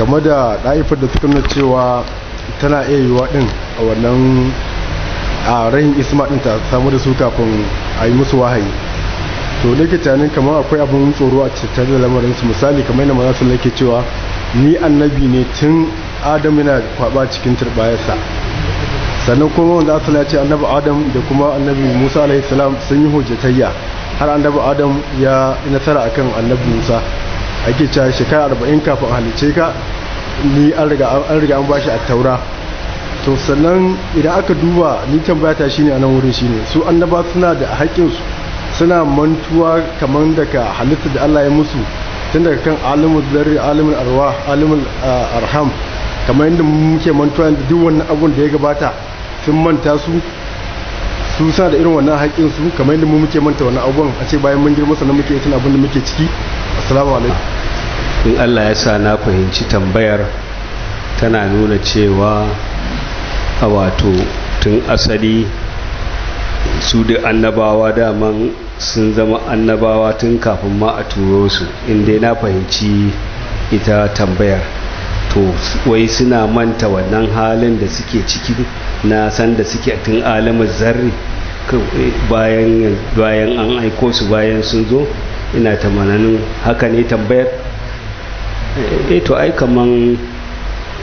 game da ɗa'ifar da suka nuna cewa tana iya yiwuwa ɗin a wannan a rahin isma ɗin ta samu da su kafin a yi musu wahayi to nake tunanin kamar akwai abin tsoro a cikin da lamarin su misali kamar yadda maza su lake cewa ni annabi ne tun adam yana kwaba cikin turbayarsa sannan kuma wanda asali ya ce annabi adam da kuma annabi musa alaihi salam sun yi hujjatayya har annabi adam ya nasara akan annabi musa ake cewa shekara arba'in kafin a halice ka ni an riga an bashi a taura to sannan idan aka duba ni tambayata shine a nan wurin shine su annaba suna da haƙƙinsu suna mantuwa kamar daga halitta da Allah ya musu tun daga kan alimul zarri alimul arwa alimul ah, arham kamar yadda muke mantuwa yadda duk wannan abun da ya gabata sun manta su su sa da irin wannan haƙƙin su kamar yadda mu muke manta wannan abubuwan a ce bayan mun girma sannan muke tuna abin da muke ciki assalamu alaikum in Allah ya sa na fahimci tambayar tana nuna cewa a wato tun asali su da annabawa daman sun zama annabawa tun kafin ma a turo su inda na fahimci ita tambayar to wai suna manta wannan halin da suke ciki na san da suke tun alamar zarri bayan an aiko su bayan sun zo ina tamanin haka ne tambayar e to ai kaman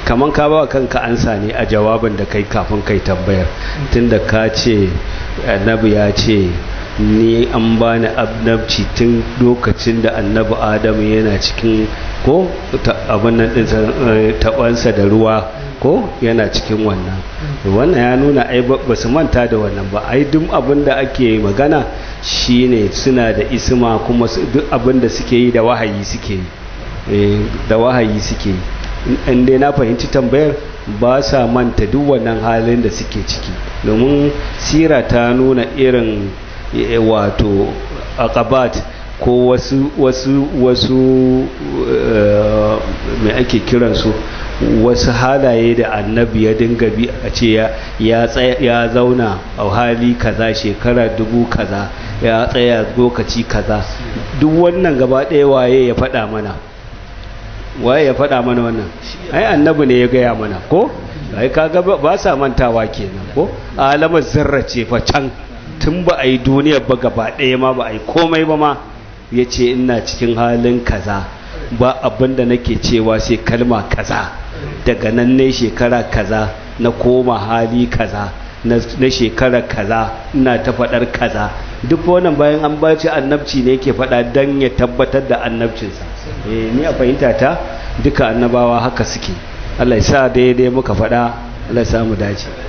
kaman ka ba kanka ansa ne a jawabin da kai kafin kai tambayar tunda ka ce annabi ya ce ni an bani abnabci tun lokacin da annabi adamu yana cikin ko abin nan eh, tabansa da ruwa ko yana cikin wannan wannan ya nuna ai ba su manta da wannan ba ai duk abin da ake magana shine suna da isma kuma duk abin da suke yi da wahayi suke yi eh, da wahayi suke yi in dai na fahimci tambayar ba sa manta duk wannan halin da suke ciki domin sira ta nuna irin Eh, wato akabat ko wasu wasu wasu eh, mai ake kiransu wasu halaye da annabi ya dinga bi a ce ya zauna a hali kaza shekara dubu kaza ya tsaya lokaci kaza duk wannan gaba ɗaya waye ya faɗa mana waye ya faɗa mana wannan ai annabi ne ya gaya mana ko ai kaga ba sa mantawa kenan ko alamar zarra ce fa can tun ba a yi duniya ba gaba ɗaya ma ba a yi komai ba ma ya ce ina cikin halin kaza ba abinda da nake cewa sai kalma kaza daga nan ne shekara kaza na koma hali kaza na shekara kaza ina ta faɗar kaza duk wannan bayan an baci annabci ne ke faɗa don ya tabbatar da annabcinsa eh, ni a fahimta ta duka annabawa haka suke allah ya sa daidai muka faɗa allah ya sa mu dace